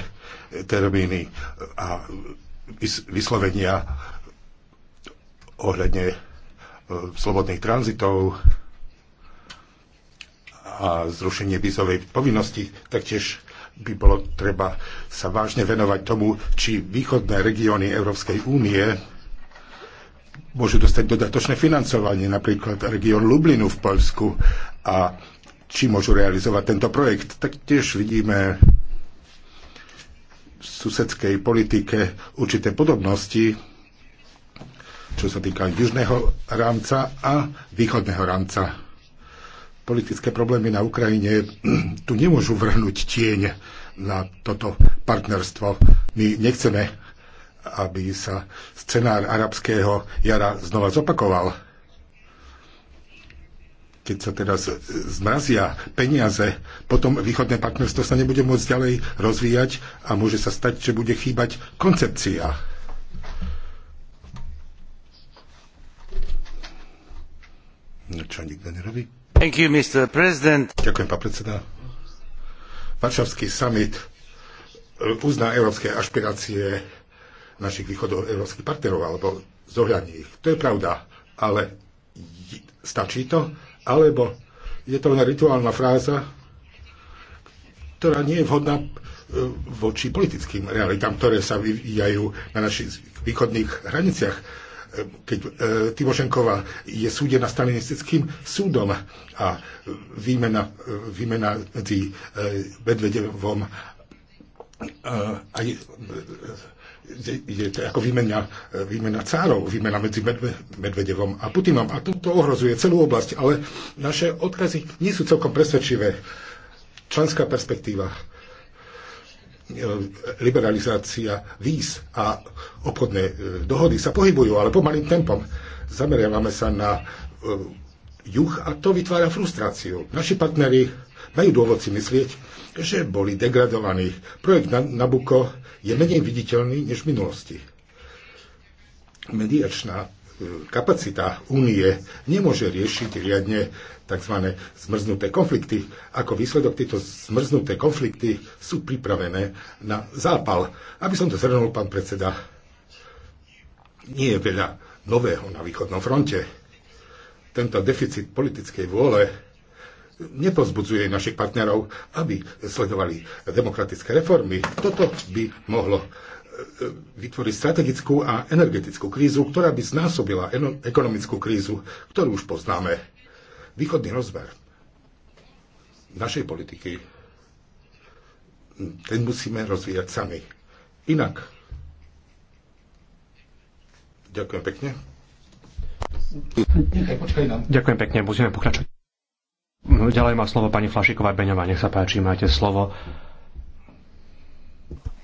termíny a vyslovenia ohľadne e, slobodných tranzitov a zrušenie vízovej povinnosti, taktiež by bolo treba sa vážne venovať tomu, či východné regióny Európskej únie môžu dostať dodatočné financovanie, napríklad región Lublinu v Poľsku a či môžu realizovať tento projekt. Taktiež vidíme v susedskej politike určité podobnosti čo sa týka južného rámca a východného rámca. Politické problémy na Ukrajine tu nemôžu vrhnúť tieň na toto partnerstvo. My nechceme, aby sa scenár arabského jara znova zopakoval. Keď sa teraz zmrazia peniaze, potom východné partnerstvo sa nebude môcť ďalej rozvíjať a môže sa stať, že bude chýbať koncepcia No čo nikto nerobí. Thank you, Mr. President. Ďakujem, pán predseda. Varšavský summit e, uzná európske ašpirácie našich východov európskych partnerov alebo zohľadní ich. To je pravda, ale stačí to? Alebo je to len rituálna fráza, ktorá nie je vhodná e, voči politickým realitám, ktoré sa vyvíjajú na našich východných hraniciach keď e, Timošenková je súdená stalinistickým súdom a výmena, výmena medzi e, Medvedevom e, a je, je to ako výmena, výmena cárov, výmena medzi Medvedevom a Putinom. A to, to ohrozuje celú oblasť, ale naše odkazy nie sú celkom presvedčivé. Členská perspektíva E, liberalizácia víz a obchodné e, dohody sa pohybujú, ale pomalým tempom. Zameriavame sa na e, juh a to vytvára frustráciu. Naši partneri majú dôvod si myslieť, že boli degradovaní. Projekt Nabuko je menej viditeľný než v minulosti. Mediačná kapacita únie nemôže riešiť riadne tzv. zmrznuté konflikty. Ako výsledok tieto zmrznuté konflikty sú pripravené na zápal. Aby som to zhrnul, pán predseda, nie je veľa nového na východnom fronte. Tento deficit politickej vôle nepozbudzuje našich partnerov, aby sledovali demokratické reformy. Toto by mohlo vytvorí strategickú a energetickú krízu, ktorá by znásobila ekonomickú krízu, ktorú už poznáme. Východný rozmer našej politiky, ten musíme rozvíjať sami. Inak. Ďakujem pekne. Ďakujem pekne, musíme pokračovať. No, ďalej má slovo pani Flašiková Beňová, nech sa páči, máte slovo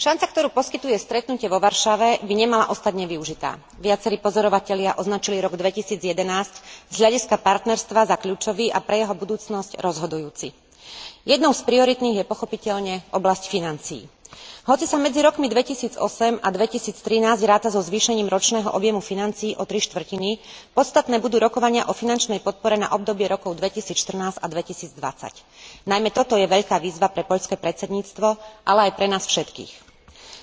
šanca ktorú poskytuje stretnutie vo varšave by nemala ostať nevyužitá. viacerí pozorovatelia označili rok two thousand and eleven z hľadiska partnerstva za kľúčový a pre jeho budúcnosť rozhodujúci. jednou z prioritných je pochopiteľne oblasť financií. hoci sa medzi rokmi two thousand and eight a two thousand and thirteen ráta so zvýšením ročného objemu financií o tri štvrtiny podstatné budú rokovania o finančnej podpore na obdobie rokov two thousand and fourteen a two thousand and twenty najmä toto je veľká výzva pre poľské predsedníctvo ale aj pre nás všetkých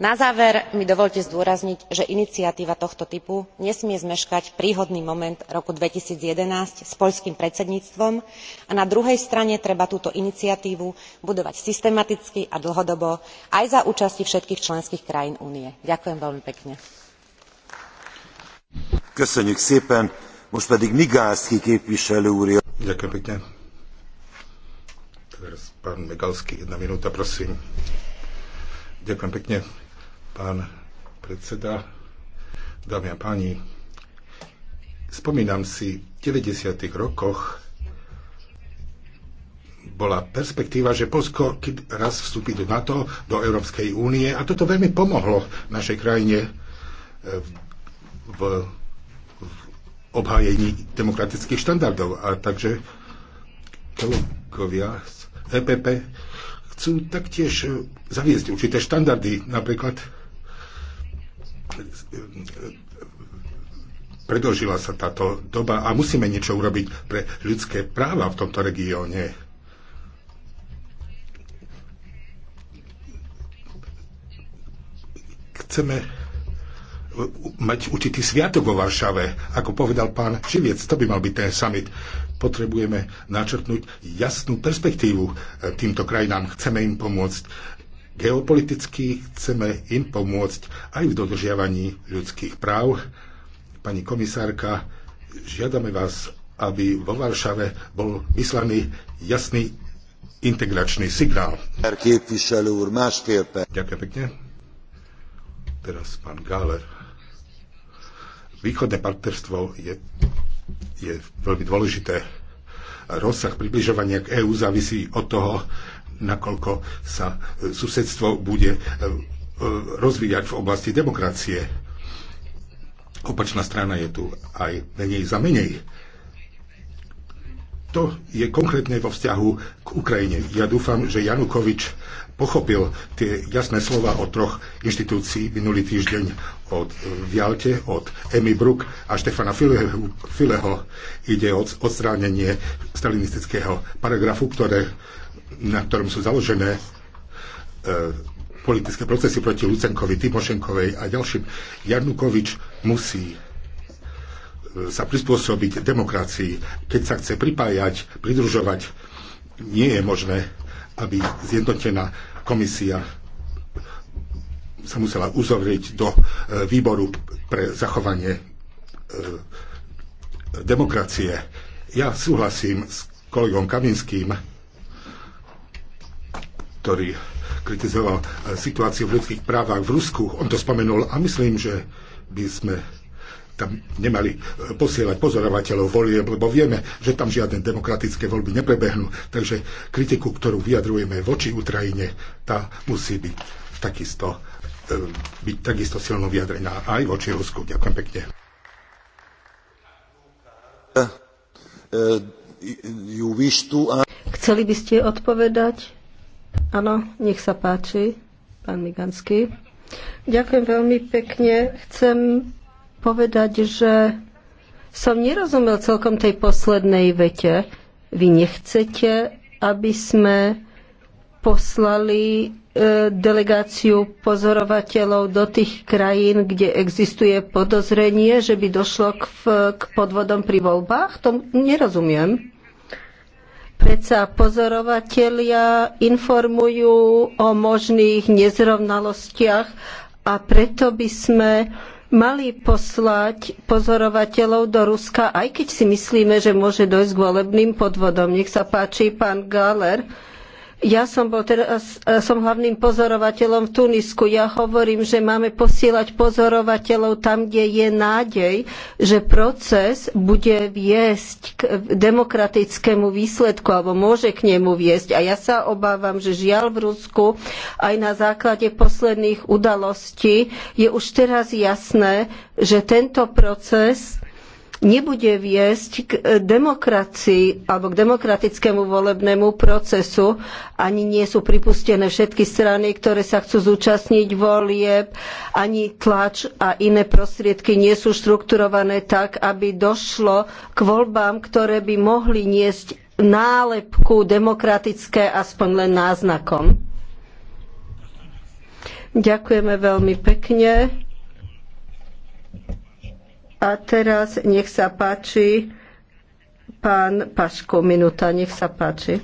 na záver mi dovoľte zdôrazniť že iniciatíva tohto typu nesmie zmeškať príhodný moment roku two thousand and eleven s poľským predsedníctvom a na druhej strane treba túto iniciatívu budovať systematicky a dlhodobo aj za účasti všetkých členských krajín únie. ďakujem veľmi pekne. Teraz pán Megalský, jedna minúta, prosím. Ďakujem pekne, pán predseda, dámy a páni. Spomínam si, v 90. rokoch bola perspektíva, že Polsko raz vstúpi do NATO, do Európskej únie a toto veľmi pomohlo našej krajine e, v, v, v obhájení demokratických štandardov. A takže kolegovia z EPP chcú taktiež e, zaviesť určité štandardy, napríklad e, e, predlžila sa táto doba a musíme niečo urobiť pre ľudské práva v tomto regióne. Chceme mať určitý sviatok vo Varšave, ako povedal pán Živiec, to by mal byť ten summit potrebujeme načrtnúť jasnú perspektívu e, týmto krajinám. Chceme im pomôcť geopoliticky, chceme im pomôcť aj v dodržiavaní ľudských práv. Pani komisárka, žiadame vás, aby vo Varšave bol vyslaný jasný integračný signál. Ďakujem pekne. Teraz pán Gáler. Východné partnerstvo je je veľmi dôležité. Rozsah približovania k EÚ závisí od toho, nakoľko sa e, susedstvo bude e, e, rozvíjať v oblasti demokracie. Opačná strana je tu aj menej za menej. To je konkrétne vo vzťahu k Ukrajine. Ja dúfam, že Janukovič pochopil tie jasné slova o troch inštitúcií minulý týždeň od eh, Vialte, od Emmy Brook a Štefana Fileho, Fileho ide o odstránenie stalinistického paragrafu, ktoré, na ktorom sú založené e, politické procesy proti Lucenkovi, Timošenkovej a ďalším. Jarnukovič musí eh, sa prispôsobiť demokracii. Keď sa chce pripájať, pridružovať, nie je možné aby zjednotená komisia sa musela uzavrieť do e, výboru pre zachovanie e, demokracie. Ja súhlasím s kolegom Kaminským, ktorý kritizoval e, situáciu v ľudských právach v Rusku. On to spomenul a myslím, že by sme tam nemali e, posielať pozorovateľov volie, lebo vieme, že tam žiadne demokratické voľby neprebehnú. Takže kritiku, ktorú vyjadrujeme voči Ukrajine, tá musí byť takisto, e, byť takisto silno vyjadrená aj voči Rusku. Ďakujem pekne. Chceli by ste odpovedať? Áno, nech sa páči, pán Miganský. Ďakujem veľmi pekne. Chcem povedať, že som nerozumel celkom tej poslednej vete. Vy nechcete, aby sme poslali e, delegáciu pozorovateľov do tých krajín, kde existuje podozrenie, že by došlo k, k podvodom pri voľbách? To nerozumiem. Predsa pozorovatelia informujú o možných nezrovnalostiach a preto by sme mali poslať pozorovateľov do Ruska, aj keď si myslíme, že môže dojsť k volebným podvodom. Nech sa páči, pán Galer. Ja som bol teraz, e, e, som hlavným pozorovateľom v Tunisku. Ja hovorím, že máme posielať pozorovateľov tam, kde je nádej, že proces bude viesť k demokratickému výsledku alebo môže k nemu viesť. A ja sa obávam, že žiaľ v Rusku aj na základe posledných udalostí je už teraz jasné, že tento proces nebude viesť k eh, demokracii alebo k demokratickému volebnému procesu. Ani nie sú pripustené všetky strany, ktoré sa chcú zúčastniť volieb, ani tlač a iné prostriedky nie sú štrukturované tak, aby došlo k voľbám, ktoré by mohli niesť nálepku demokratické aspoň len náznakom. Ďakujeme veľmi pekne. A teraz nech sa páči pán Paško, minúta, nech sa páči.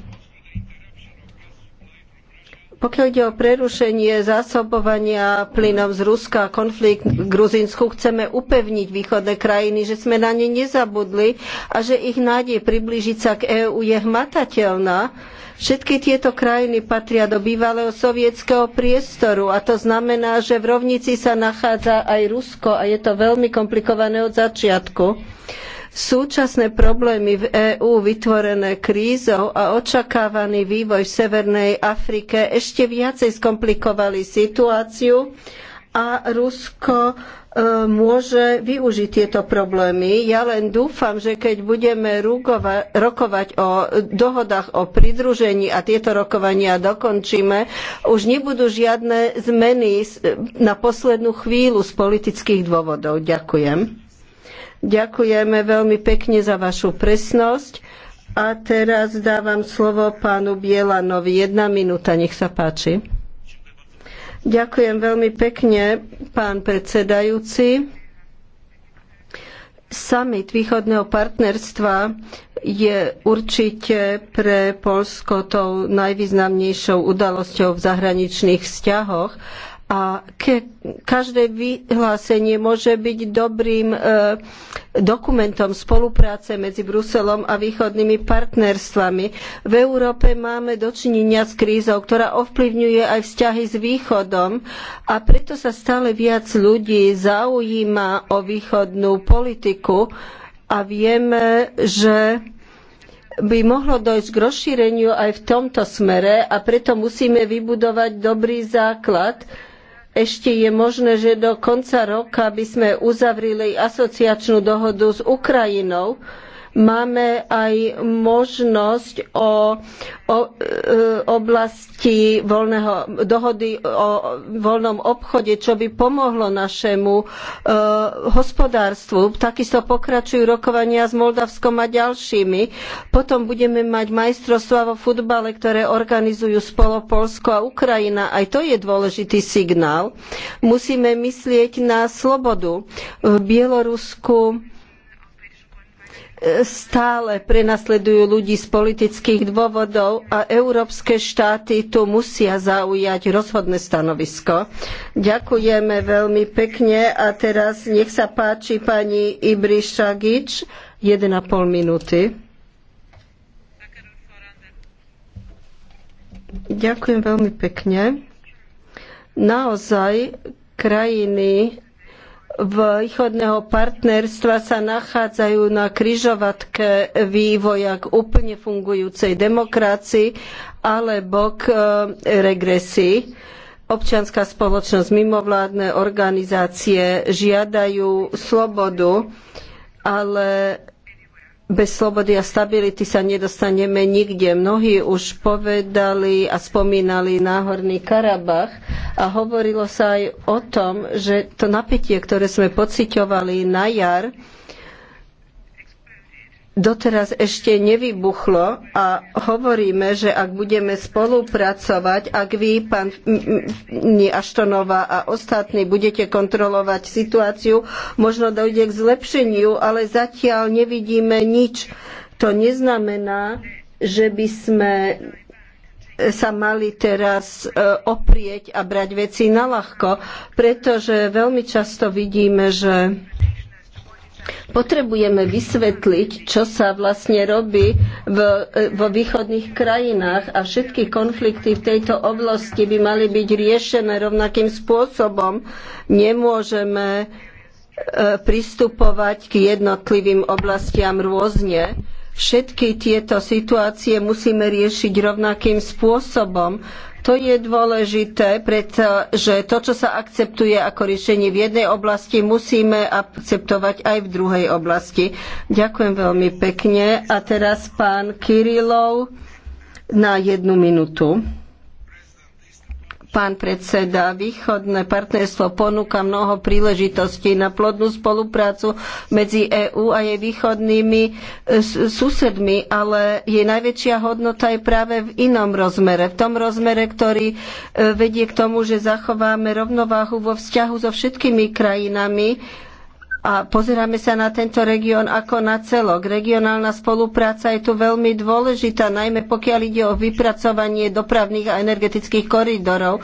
Pokiaľ ide o prerušenie zásobovania plynom z Ruska a konflikt v Gruzínsku, chceme upevniť východné krajiny, že sme na ne nezabudli a že ich nádej priblížiť sa k EÚ je hmatateľná. Všetky tieto krajiny patria do bývalého sovietskeho priestoru a to znamená, že v rovnici sa nachádza aj Rusko a je to veľmi komplikované od začiatku. Súčasné problémy v EÚ vytvorené krízou a očakávaný vývoj v Severnej Afrike ešte viacej skomplikovali situáciu a Rusko e, môže využiť tieto problémy. Ja len dúfam, že keď budeme rokovať o dohodách o pridružení a tieto rokovania dokončíme, už nebudú žiadne zmeny na poslednú chvíľu z politických dôvodov. Ďakujem. Ďakujeme veľmi pekne za vašu presnosť. A teraz dávam slovo pánu Bielanovi. Jedna minúta, nech sa páči. Ďakujem veľmi pekne, pán predsedajúci. Summit východného partnerstva je určite pre Polsko tou najvýznamnejšou udalosťou v zahraničných vzťahoch a ke, každé vyhlásenie môže byť dobrým e, dokumentom spolupráce medzi Bruselom a východnými partnerstvami. V Európe máme dočinenia s krízou, ktorá ovplyvňuje aj vzťahy s východom a preto sa stále viac ľudí zaujíma o východnú politiku a vieme, že by mohlo dojsť k rozšíreniu aj v tomto smere a preto musíme vybudovať dobrý základ, ešte je možné, že do konca roka by sme uzavrili asociačnú dohodu s Ukrajinou, Máme aj možnosť o, o e, oblasti voľného, dohody o voľnom obchode, čo by pomohlo našemu e, hospodárstvu. Takisto pokračujú rokovania s Moldavskom a ďalšími. Potom budeme mať majstrovstvá vo futbale, ktoré organizujú spolo Polsko a Ukrajina. Aj to je dôležitý signál. Musíme myslieť na slobodu. V Bielorusku stále prenasledujú ľudí z politických dôvodov a európske štáty tu musia zaujať rozhodné stanovisko. Ďakujeme veľmi pekne a teraz nech sa páči pani Ibrišagič 1,5 minúty. Ďakujem veľmi pekne. Naozaj krajiny východného partnerstva sa nachádzajú na križovatke vývoja k úplne fungujúcej demokracii alebo k e, regresii. Občianska spoločnosť, mimovládne organizácie žiadajú slobodu, ale bez slobody a stability sa nedostaneme nikde. Mnohí už povedali a spomínali náhorný Karabach a hovorilo sa aj o tom, že to napätie, ktoré sme pociťovali na jar, doteraz ešte nevybuchlo a hovoríme, že ak budeme spolupracovať, ak vy, pani Aštonová a ostatní budete kontrolovať situáciu, možno dojde k zlepšeniu, ale zatiaľ nevidíme nič. To neznamená, že by sme sa mali teraz e, oprieť a brať veci na ľahko, pretože veľmi často vidíme, že Potrebujeme vysvetliť, čo sa vlastne robí v, vo východných krajinách a všetky konflikty v tejto oblasti by mali byť riešené rovnakým spôsobom. Nemôžeme e, pristupovať k jednotlivým oblastiam rôzne. Všetky tieto situácie musíme riešiť rovnakým spôsobom. To je dôležité, pretože to, čo sa akceptuje ako riešenie v jednej oblasti, musíme akceptovať aj v druhej oblasti. Ďakujem veľmi pekne. A teraz pán Kirilov na jednu minútu pán predseda. Východné partnerstvo ponúka mnoho príležitostí na plodnú spoluprácu medzi EÚ a jej východnými e, susedmi, ale jej najväčšia hodnota je práve v inom rozmere. V tom rozmere, ktorý e, vedie k tomu, že zachováme rovnováhu vo vzťahu so všetkými krajinami, a pozeráme sa na tento región ako na celok. Regionálna spolupráca je tu veľmi dôležitá, najmä pokiaľ ide o vypracovanie dopravných a energetických koridorov.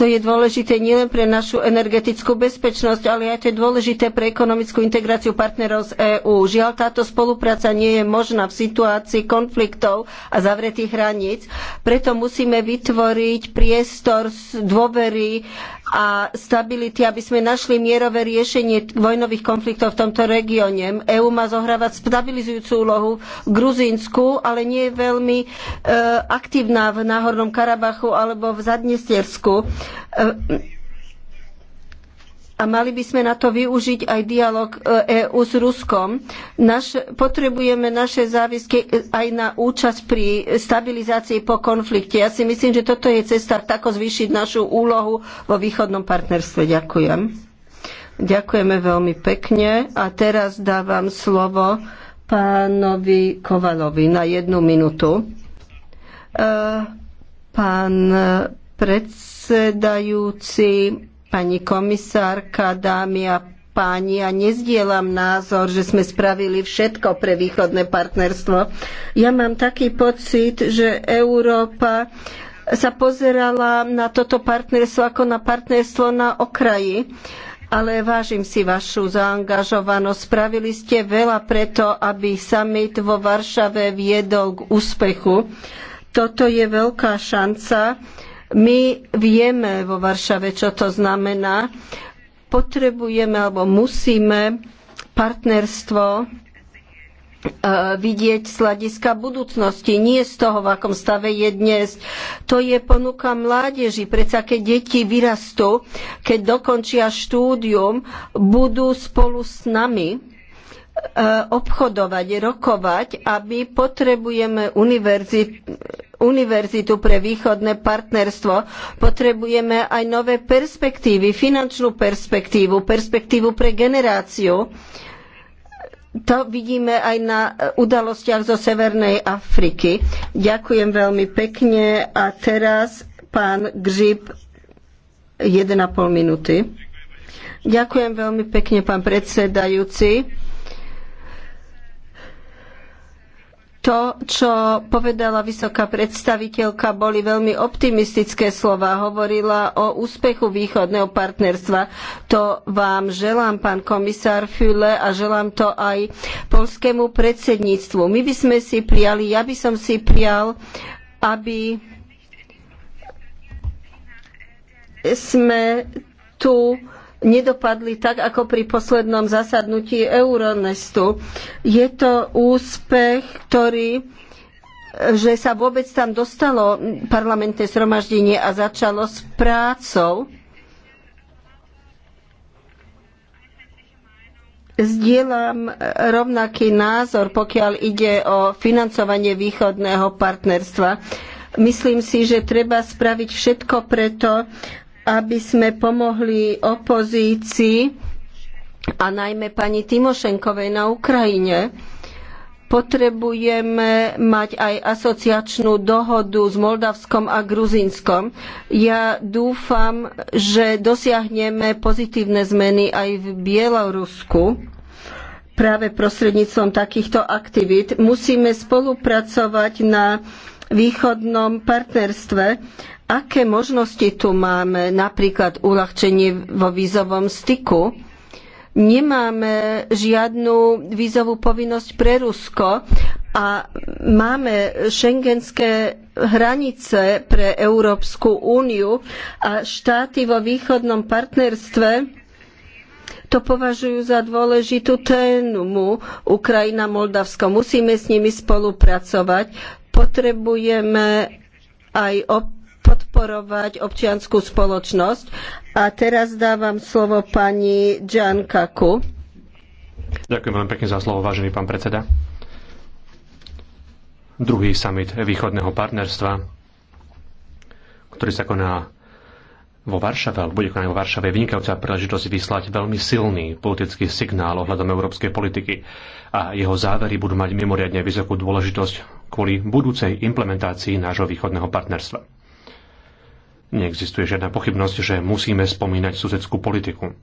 To je dôležité nielen pre našu energetickú bezpečnosť, ale aj to je dôležité pre ekonomickú integráciu partnerov z EÚ. Žiaľ, táto spolupráca nie je možná v situácii konfliktov a zavretých hraníc, preto musíme vytvoriť priestor dôvery a stability, aby sme našli mierové riešenie vojnových konfliktov v tomto regióne. EÚ má zohrávať stabilizujúcu úlohu v Gruzínsku, ale nie je veľmi e, aktívna v Náhornom Karabachu alebo v Zadnestersku. E, a mali by sme na to využiť aj dialog EÚ e s Ruskom. Naš, potrebujeme naše záväzky aj na účasť pri stabilizácii po konflikte. Ja si myslím, že toto je cesta tako zvýšiť našu úlohu vo východnom partnerstve. Ďakujem. Ďakujeme veľmi pekne a teraz dávam slovo pánovi Kovalovi na jednu minútu. E, pán predsedajúci, Pani komisárka, dámy a páni, ja nezdielam názor, že sme spravili všetko pre východné partnerstvo. Ja mám taký pocit, že Európa sa pozerala na toto partnerstvo ako na partnerstvo na okraji ale vážim si vašu zaangažovanosť. Spravili ste veľa preto, aby summit vo Varšave viedol k úspechu. Toto je veľká šanca, my vieme vo Varšave, čo to znamená. Potrebujeme alebo musíme partnerstvo e, vidieť z hľadiska budúcnosti, nie z toho, v akom stave je dnes. To je ponuka mládeži. Predsa keď deti vyrastú, keď dokončia štúdium, budú spolu s nami e, obchodovať, rokovať a my potrebujeme univerzitu univerzitu pre východné partnerstvo. Potrebujeme aj nové perspektívy, finančnú perspektívu, perspektívu pre generáciu. To vidíme aj na udalostiach zo Severnej Afriky. Ďakujem veľmi pekne a teraz pán a 1,5 minúty. Ďakujem veľmi pekne, pán predsedajúci to, čo povedala vysoká predstaviteľka, boli veľmi optimistické slova. Hovorila o úspechu východného partnerstva. To vám želám, pán komisár Füle, a želám to aj polskému predsedníctvu. My by sme si prijali, ja by som si prijal, aby sme tu nedopadli tak, ako pri poslednom zasadnutí Euronestu. Je to úspech, ktorý že sa vôbec tam dostalo parlamentné zhromaždenie a začalo s prácou. Zdieľam rovnaký názor, pokiaľ ide o financovanie východného partnerstva. Myslím si, že treba spraviť všetko preto, aby sme pomohli opozícii a najmä pani Timošenkovej na Ukrajine. Potrebujeme mať aj asociačnú dohodu s Moldavskom a Gruzinskom. Ja dúfam, že dosiahneme pozitívne zmeny aj v Bielorusku práve prostredníctvom takýchto aktivít. Musíme spolupracovať na východnom partnerstve Aké možnosti tu máme, napríklad uľahčenie vo vízovom styku? Nemáme žiadnu vízovú povinnosť pre Rusko a máme šengenské hranice pre Európsku úniu a štáty vo východnom partnerstve to považujú za dôležitú tému Ukrajina, Moldavsko. Musíme s nimi spolupracovať. Potrebujeme aj podporovať občiansku spoločnosť. A teraz dávam slovo pani Kaku. Ďakujem veľmi pekne za slovo, vážený pán predseda. Druhý summit východného partnerstva, ktorý sa koná vo Varšave, alebo bude konať vo Varšave, je vynikajúca príležitosť vyslať veľmi silný politický signál ohľadom európskej politiky a jeho závery budú mať mimoriadne vysokú dôležitosť kvôli budúcej implementácii nášho východného partnerstva. Neexistuje žiadna pochybnosť, že musíme spomínať susedskú politiku.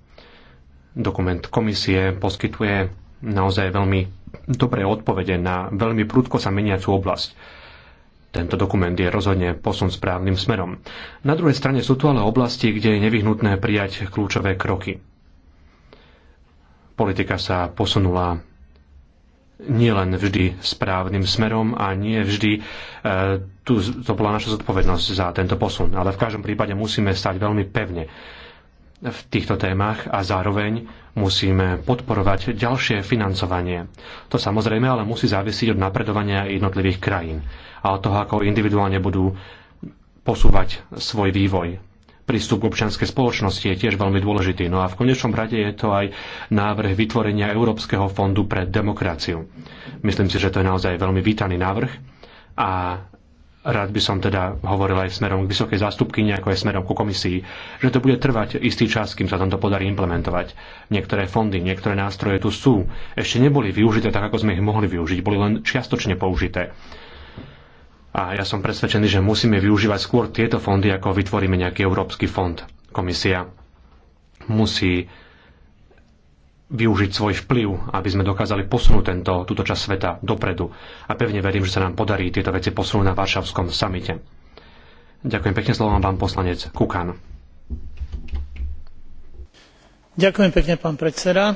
Dokument komisie poskytuje naozaj veľmi dobré odpovede na veľmi prudko sa meniacu oblasť. Tento dokument je rozhodne posun správnym smerom. Na druhej strane sú tu ale oblasti, kde je nevyhnutné prijať kľúčové kroky. Politika sa posunula nielen vždy správnym smerom a nie vždy e, tu, to bola naša zodpovednosť za tento posun. Ale v každom prípade musíme stať veľmi pevne v týchto témach a zároveň musíme podporovať ďalšie financovanie. To samozrejme ale musí závisiť od napredovania jednotlivých krajín a od toho, ako individuálne budú posúvať svoj vývoj prístup k občianskej spoločnosti je tiež veľmi dôležitý. No a v konečnom rade je to aj návrh vytvorenia Európskeho fondu pre demokraciu. Myslím si, že to je naozaj veľmi vítaný návrh a rád by som teda hovoril aj smerom k vysokej zástupky, ako aj smerom ku komisii, že to bude trvať istý čas, kým sa tam to podarí implementovať. Niektoré fondy, niektoré nástroje tu sú. Ešte neboli využité tak, ako sme ich mohli využiť, boli len čiastočne použité. A ja som presvedčený, že musíme využívať skôr tieto fondy, ako vytvoríme nejaký európsky fond. Komisia musí využiť svoj vplyv, aby sme dokázali posunúť tento, túto časť sveta dopredu. A pevne verím, že sa nám podarí tieto veci posunúť na Varšavskom samite. Ďakujem pekne slovom pán poslanec Kukan. Ďakujem pekne, pán predseda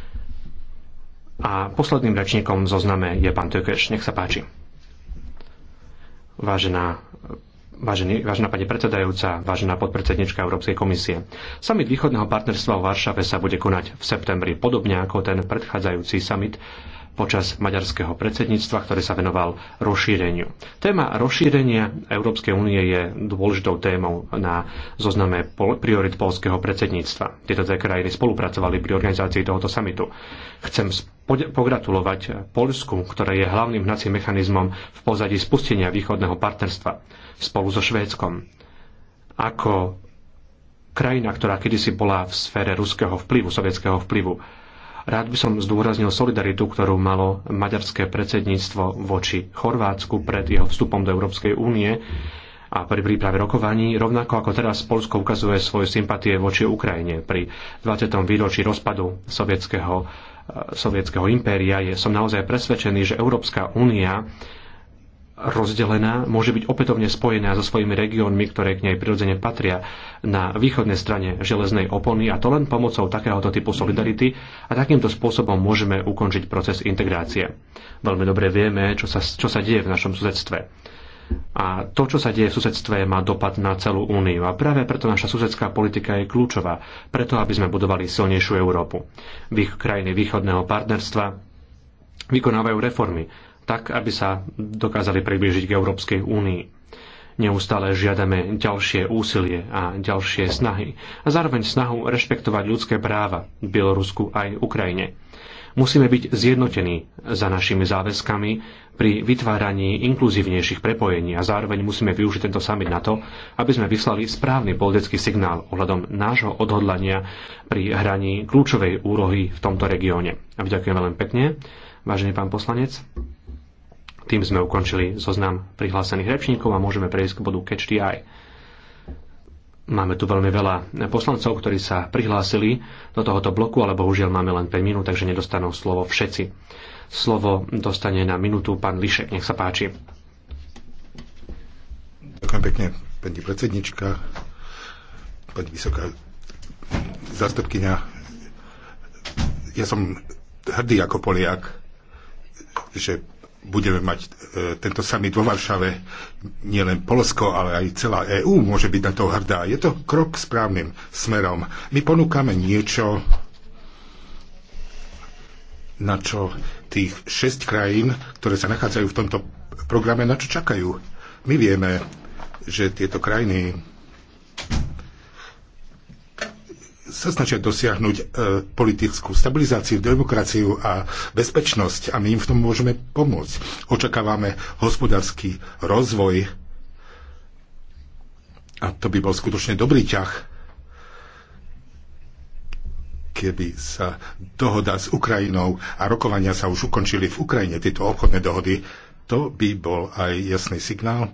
A posledným rečníkom zozname je pán Tökeš. Nech sa páči. Vážená Vážený, vážená pani predsedajúca, vážená podpredsednička Európskej komisie. Summit východného partnerstva v Varšave sa bude konať v septembri, podobne ako ten predchádzajúci summit počas maďarského predsedníctva, ktorý sa venoval rozšíreniu. Téma rozšírenia Európskej únie je dôležitou témou na zozname priorit polského predsedníctva. Tieto dve krajiny spolupracovali pri organizácii tohoto samitu. Chcem pogratulovať Polsku, ktoré je hlavným hnacím mechanizmom v pozadí spustenia východného partnerstva spolu so Švédskom. Ako krajina, ktorá kedysi bola v sfére ruského vplyvu, sovietského vplyvu, Rád by som zdôraznil solidaritu, ktorú malo maďarské predsedníctvo voči Chorvátsku pred jeho vstupom do Európskej únie a pri príprave rokovaní, rovnako ako teraz Polsko ukazuje svoje sympatie voči Ukrajine. Pri 20. výročí rozpadu sovietského, e, sovietského impéria je, som naozaj presvedčený, že Európska únia rozdelená, môže byť opätovne spojená so svojimi regiónmi, ktoré k nej prirodzene patria na východnej strane železnej opony a to len pomocou takéhoto typu solidarity a takýmto spôsobom môžeme ukončiť proces integrácie. Veľmi dobre vieme, čo sa, čo sa deje v našom susedstve. A to, čo sa deje v susedstve, má dopad na celú Úniu. A práve preto naša susedská politika je kľúčová, preto aby sme budovali silnejšiu Európu. V ich krajiny východného partnerstva vykonávajú reformy, tak aby sa dokázali priblížiť k Európskej únii. Neustále žiadame ďalšie úsilie a ďalšie snahy a zároveň snahu rešpektovať ľudské práva v Bielorusku aj Ukrajine. Musíme byť zjednotení za našimi záväzkami pri vytváraní inkluzívnejších prepojení a zároveň musíme využiť tento summit na to, aby sme vyslali správny politický signál ohľadom nášho odhodlania pri hraní kľúčovej úrohy v tomto regióne. A ďakujem veľmi pekne, vážený pán poslanec. Tým sme ukončili zoznam prihlásených rečníkov a môžeme prejsť k bodu Catch the Eye. Máme tu veľmi veľa poslancov, ktorí sa prihlásili do tohoto bloku, ale bohužiaľ máme len 5 minút, takže nedostanú slovo všetci. Slovo dostane na minútu pán Lišek, nech sa páči. Ďakujem pekne, pani predsednička, pani vysoká zastupkynia. Ja som hrdý ako Poliak, že budeme mať e, tento summit vo Varšave, nielen Polsko, ale aj celá EÚ môže byť na to hrdá. Je to krok správnym smerom. My ponúkame niečo, na čo tých šesť krajín, ktoré sa nachádzajú v tomto programe, na čo čakajú. My vieme, že tieto krajiny sa snažia dosiahnuť e, politickú stabilizáciu, demokraciu a bezpečnosť a my im v tom môžeme pomôcť. Očakávame hospodársky rozvoj a to by bol skutočne dobrý ťah keby sa dohoda s Ukrajinou a rokovania sa už ukončili v Ukrajine, tieto obchodné dohody, to by bol aj jasný signál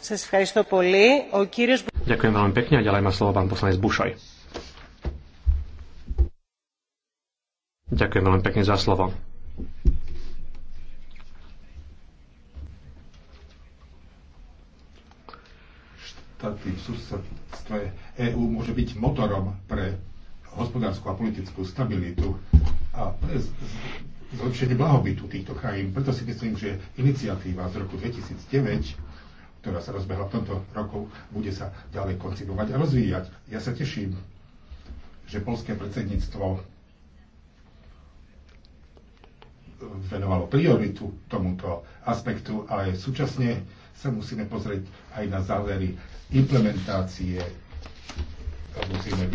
Ďakujem veľmi pekne a ďalej má slovo pán poslanec Bušoj. Ďakujem veľmi pekne za slovo. Štáty v susedstve EÚ môže byť motorom pre hospodárskú a politickú stabilitu a pre zlepšenie blahobytu týchto krajín. Preto si myslím, že iniciatíva z roku 2009 ktorá sa rozbehla v tomto roku, bude sa ďalej koncipovať a rozvíjať. Ja sa teším, že polské predsedníctvo eh, venovalo prioritu tomuto aspektu, ale súčasne sa musíme pozrieť aj na závery implementácie, musíme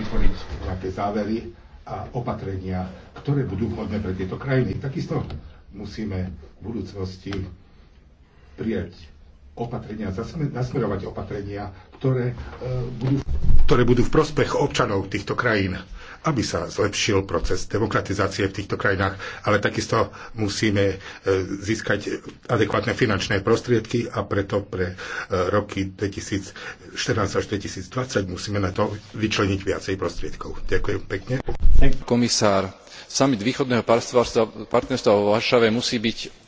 vytvoriť nejaké závery a opatrenia, ktoré budú vhodné pre tieto krajiny. Takisto musíme v budúcnosti prijať opatrenia, nasmerovať opatrenia, ktoré, e, budú, ktoré budú v prospech občanov týchto krajín aby sa zlepšil proces demokratizácie v týchto krajinách, ale takisto musíme e, získať adekvátne finančné prostriedky a preto pre e, roky 2014 až 2020 musíme na to vyčleniť viacej prostriedkov. Ďakujem pekne. Komisár, summit východného partnerstva vo Varšave musí byť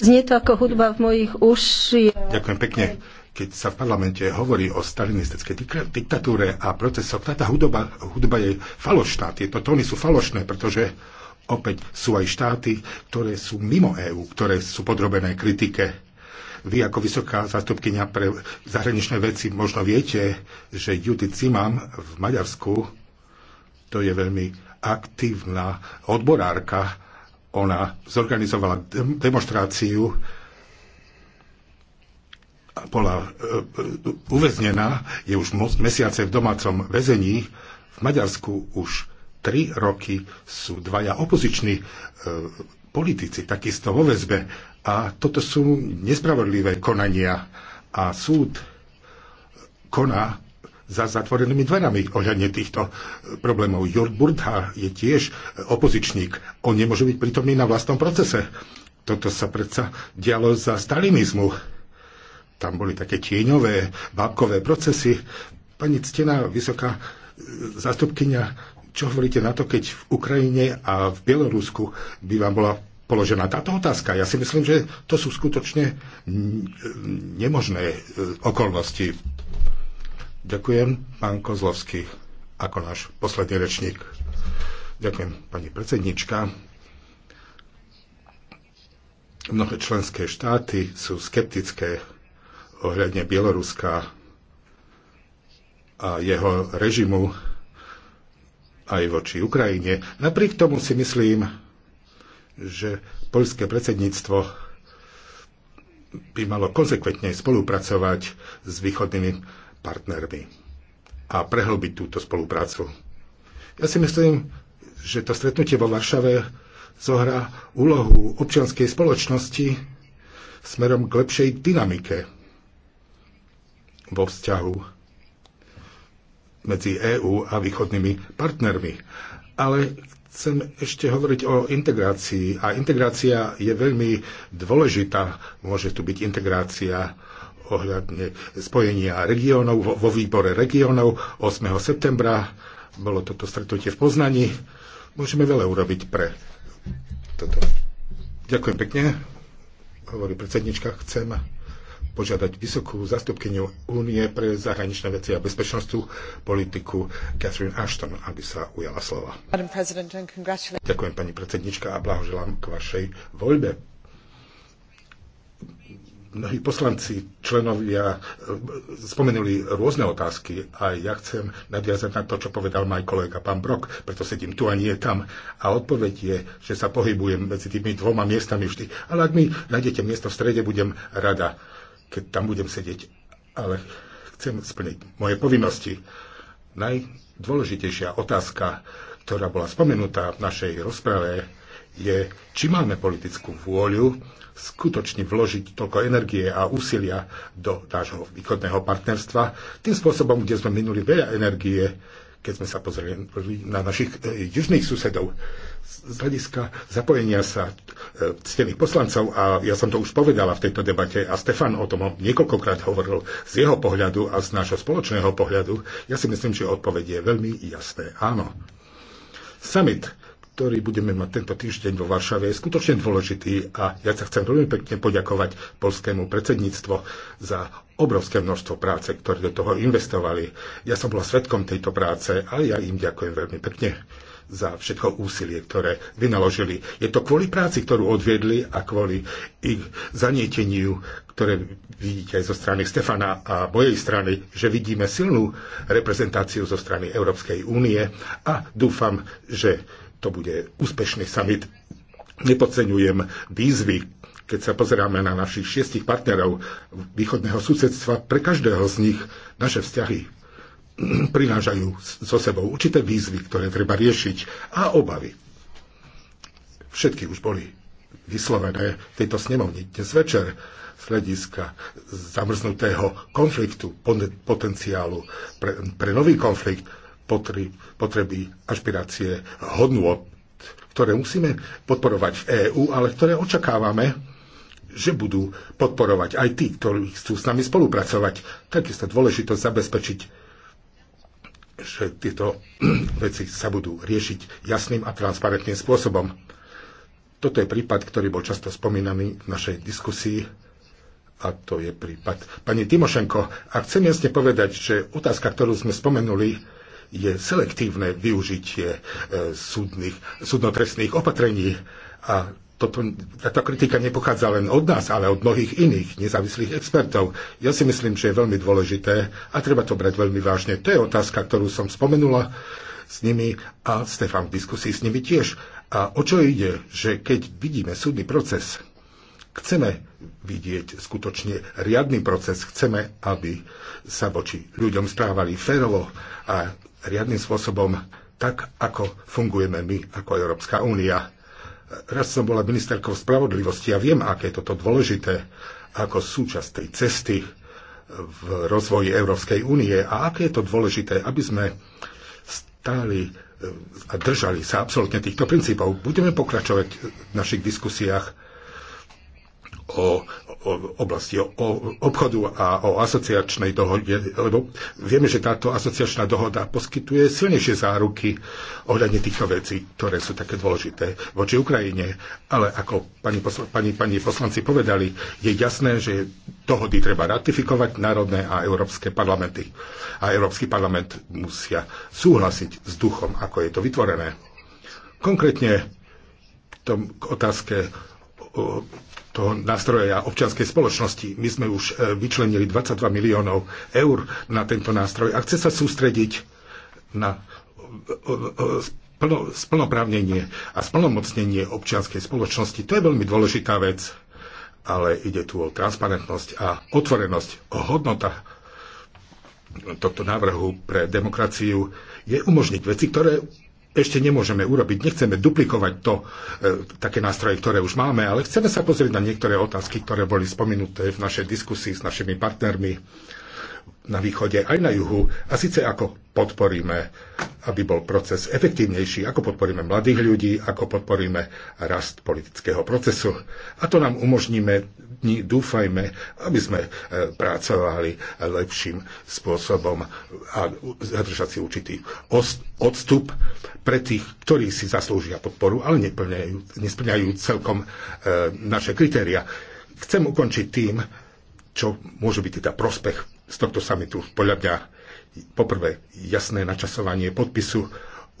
Znie to ako hudba v mojich ušiach. Ďakujem pekne. Keď sa v parlamente hovorí o stalinistickej diktatúre a procesoch, tá hudba, hudba je falošná. Tieto tóny sú falošné, pretože opäť sú aj štáty, ktoré sú mimo EÚ, ktoré sú podrobené kritike vy ako vysoká zástupkynia pre zahraničné veci možno viete, že Judith Simam v Maďarsku, to je veľmi aktívna odborárka. Ona zorganizovala demonstráciu bola e, e, uväznená, je už mesiace v domácom väzení. V Maďarsku už tri roky sú dvaja opoziční e, politici takisto vo väzbe. A toto sú nespravodlivé konania. A súd koná za zatvorenými dverami ohľadne týchto e, problémov. Jörg Burdha je tiež e, opozičník. On nemôže byť prítomný na vlastnom procese. Toto sa predsa dialo za stalinizmu. Tam boli také tieňové, bábkové procesy. Pani Ctená, vysoká e, zástupkynia, čo hovoríte na to, keď v Ukrajine a v Bielorusku by vám bola položená táto otázka. Ja si myslím, že to sú skutočne nemožné okolnosti. Ďakujem, pán Kozlovský, ako náš posledný rečník. Ďakujem, pani predsednička. Mnohé členské štáty sú skeptické ohľadne Bieloruska a jeho režimu aj voči Ukrajine. Napriek tomu si myslím, že poľské predsedníctvo by malo konsekventne spolupracovať s východnými partnermi a prehlbiť túto spoluprácu. Ja si myslím, že to stretnutie vo Varšave zohrá úlohu občianskej spoločnosti smerom k lepšej dynamike vo vzťahu medzi EÚ a východnými partnermi. Ale chcem ešte hovoriť o integrácii. A integrácia je veľmi dôležitá. Môže tu byť integrácia ohľadne spojenia regiónov vo výbore regiónov 8. septembra. Bolo toto stretnutie v Poznaní. Môžeme veľa urobiť pre toto. Ďakujem pekne. Hovorí predsednička, chcem požiadať vysokú zastupkyniu Únie pre zahraničné veci a bezpečnostú politiku Catherine Ashton, aby sa ujala slova. Ďakujem pani predsednička a blahoželám k vašej voľbe mnohí poslanci, členovia e, spomenuli rôzne otázky a ja chcem nadviazať na to, čo povedal môj kolega pán Brok, preto sedím tu a nie tam. A odpoveď je, že sa pohybujem medzi tými dvoma miestami vždy. Ale ak mi nájdete miesto v strede, budem rada, keď tam budem sedieť. Ale chcem splniť moje povinnosti. Najdôležitejšia otázka, ktorá bola spomenutá v našej rozprave, je, či máme politickú vôľu skutočne vložiť toľko energie a úsilia do nášho východného partnerstva, tým spôsobom, kde sme minuli veľa energie, keď sme sa pozreli na našich e, južných susedov z hľadiska zapojenia sa e, ctených poslancov, a ja som to už povedala v tejto debate, a Stefan o tom niekoľkokrát hovoril z jeho pohľadu a z nášho spoločného pohľadu, ja si myslím, že odpoveď je veľmi jasné. Áno. Summit ktorý budeme mať tento týždeň vo Varšave, je skutočne dôležitý a ja sa chcem veľmi pekne poďakovať polskému predsedníctvo za obrovské množstvo práce, ktoré do toho investovali. Ja som bola svetkom tejto práce a ja im ďakujem veľmi pekne za všetko úsilie, ktoré vynaložili. Je to kvôli práci, ktorú odviedli a kvôli ich zanieteniu, ktoré vidíte aj zo strany Stefana a mojej strany, že vidíme silnú reprezentáciu zo strany Európskej únie a dúfam, že to bude úspešný summit. Nepodceňujem výzvy, keď sa pozeráme na našich šiestich partnerov východného susedstva, pre každého z nich naše vzťahy prinážajú so sebou určité výzvy, ktoré treba riešiť a obavy. Všetky už boli vyslovené v tejto snemovni dnes večer z hľadiska zamrznutého konfliktu, potenciálu pre, pre nový konflikt, potreby, ašpirácie, hodnot, ktoré musíme podporovať v EÚ, ale ktoré očakávame, že budú podporovať aj tí, ktorí chcú s nami spolupracovať. Takisto dôležitosť zabezpečiť, že tieto veci sa budú riešiť jasným a transparentným spôsobom. Toto je prípad, ktorý bol často spomínaný v našej diskusii a to je prípad. Pani Timošenko, a chcem jasne povedať, že otázka, ktorú sme spomenuli, je selektívne využitie e, súdnych, súdnotrestných opatrení a toto, táto kritika nepochádza len od nás, ale od mnohých iných nezávislých expertov. Ja si myslím, že je veľmi dôležité a treba to brať veľmi vážne. To je otázka, ktorú som spomenula s nimi a Stefan v diskusii s nimi tiež. A o čo ide, že keď vidíme súdny proces, chceme vidieť skutočne riadny proces, chceme, aby sa voči ľuďom správali férovo a riadnym spôsobom tak, ako fungujeme my ako Európska únia. Raz som bola ministerkou spravodlivosti a viem, aké je toto dôležité ako súčasť tej cesty v rozvoji Európskej únie a aké je to dôležité, aby sme stáli e, a držali sa absolútne týchto princípov. Budeme pokračovať v našich diskusiách o, o oblasti o, o obchodu a o asociačnej dohode, lebo vieme, že táto asociačná dohoda poskytuje silnejšie záruky ohľadne týchto vecí, ktoré sú také dôležité voči Ukrajine. Ale ako pani, posl- pani, pani poslanci povedali, je jasné, že dohody treba ratifikovať národné a európske parlamenty. A Európsky parlament musia súhlasiť s duchom, ako je to vytvorené. Konkrétne tom, k otázke toho nástroja občianskej spoločnosti. My sme už e, vyčlenili 22 miliónov eur na tento nástroj a chce sa sústrediť na e, e, splnoprávnenie a splnomocnenie občianskej spoločnosti. To je veľmi dôležitá vec, ale ide tu o transparentnosť a otvorenosť, o hodnota tohto návrhu pre demokraciu je umožniť veci, ktoré ešte nemôžeme urobiť. Nechceme duplikovať to, e, také nástroje, ktoré už máme, ale chceme sa pozrieť na niektoré otázky, ktoré boli spomenuté v našej diskusii s našimi partnermi na východe aj na juhu a síce ako podporíme, aby bol proces efektívnejší, ako podporíme mladých ľudí, ako podporíme rast politického procesu. A to nám umožníme, dúfajme, aby sme e, pracovali lepším spôsobom a zadržať si určitý odstup pre tých, ktorí si zaslúžia podporu, ale neplňajú, nesplňajú celkom e, naše kritéria. Chcem ukončiť tým, čo môže byť teda prospech z tohto samitu. Podľa mňa poprvé jasné načasovanie podpisu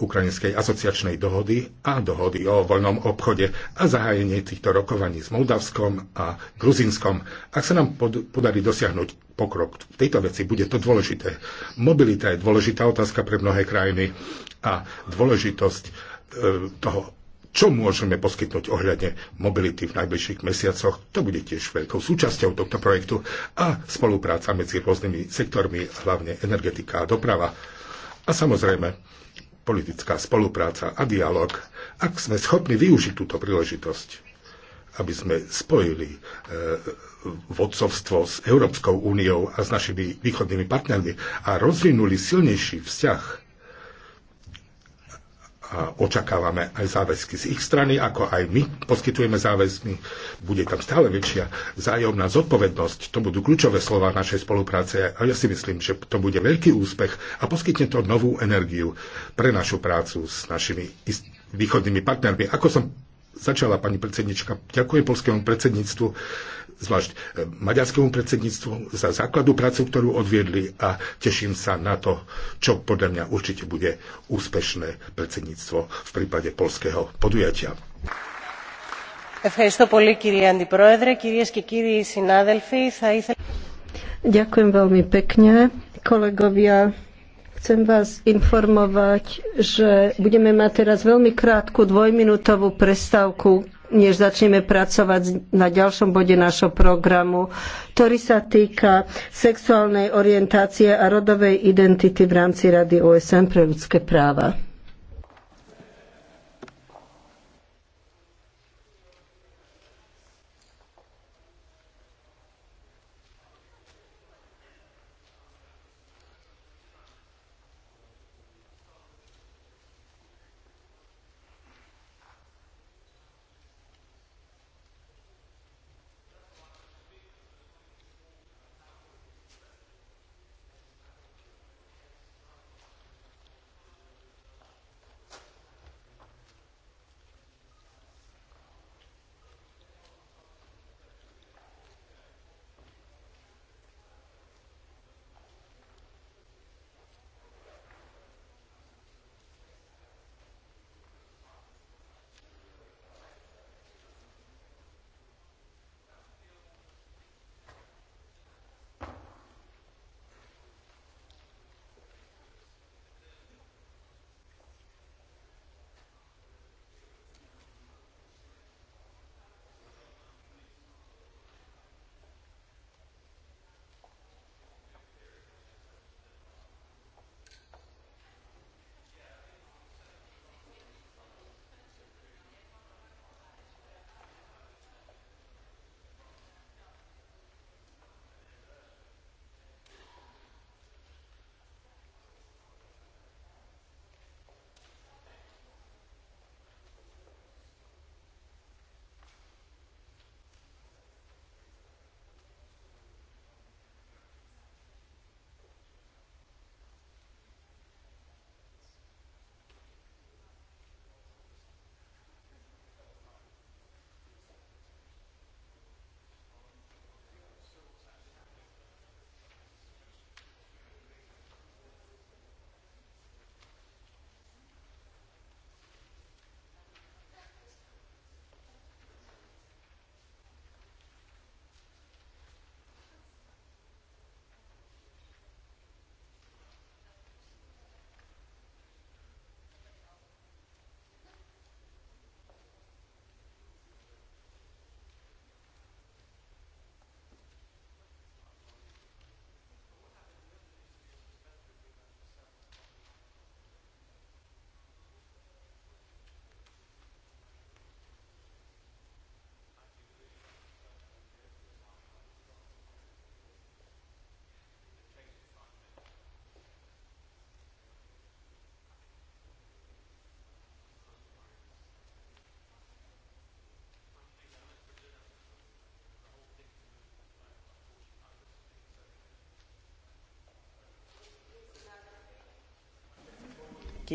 ukrajinskej asociačnej dohody a dohody o voľnom obchode a zahájenie týchto rokovaní s Moldavskom a Gruzinskom. Ak sa nám pod, podarí dosiahnuť pokrok v tejto veci, bude to dôležité. Mobilita je dôležitá otázka pre mnohé krajiny a dôležitosť e, toho čo môžeme poskytnúť ohľadne mobility v najbližších mesiacoch. To bude tiež veľkou súčasťou tohto projektu a spolupráca medzi rôznymi sektormi, hlavne energetika a doprava. A samozrejme, politická spolupráca a dialog, ak sme schopní využiť túto príležitosť aby sme spojili e, vodcovstvo s Európskou úniou a s našimi východnými partnermi a rozvinuli silnejší vzťah a očakávame aj záväzky z ich strany, ako aj my poskytujeme záväzky. Bude tam stále väčšia zájomná zodpovednosť. To budú kľúčové slova našej spolupráce a ja si myslím, že to bude veľký úspech a poskytne to novú energiu pre našu prácu s našimi východnými partnermi. Ako som začala pani predsednička, ďakujem polskému predsedníctvu zvlášť e, maďarskému predsedníctvu za základnú prácu, ktorú odviedli a teším sa na to, čo podľa mňa určite bude úspešné predsedníctvo v prípade polského podujatia. Ďakujem veľmi pekne. Kolegovia, chcem vás informovať, že budeme mať teraz veľmi krátku dvojminútovú prestávku, než začneme pracovať na ďalšom bode našho programu, ktorý sa týka sexuálnej orientácie a rodovej identity v rámci Rady OSN pre ľudské práva.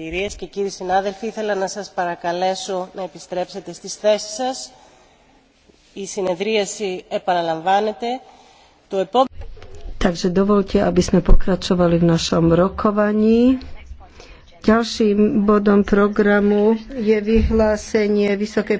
Κυρίες και κύριοι συνάδελφοι, ήθελα να σας παρακαλέσω να επιστρέψετε στις θέσεις σας. Η συνεδρίαση επαναλαμβάνεται. Το επόμενο... Takže dovolte, aby sme pokračovali v našom rokovaní. Ďalším bodom programu je vyhlásenie Vysokej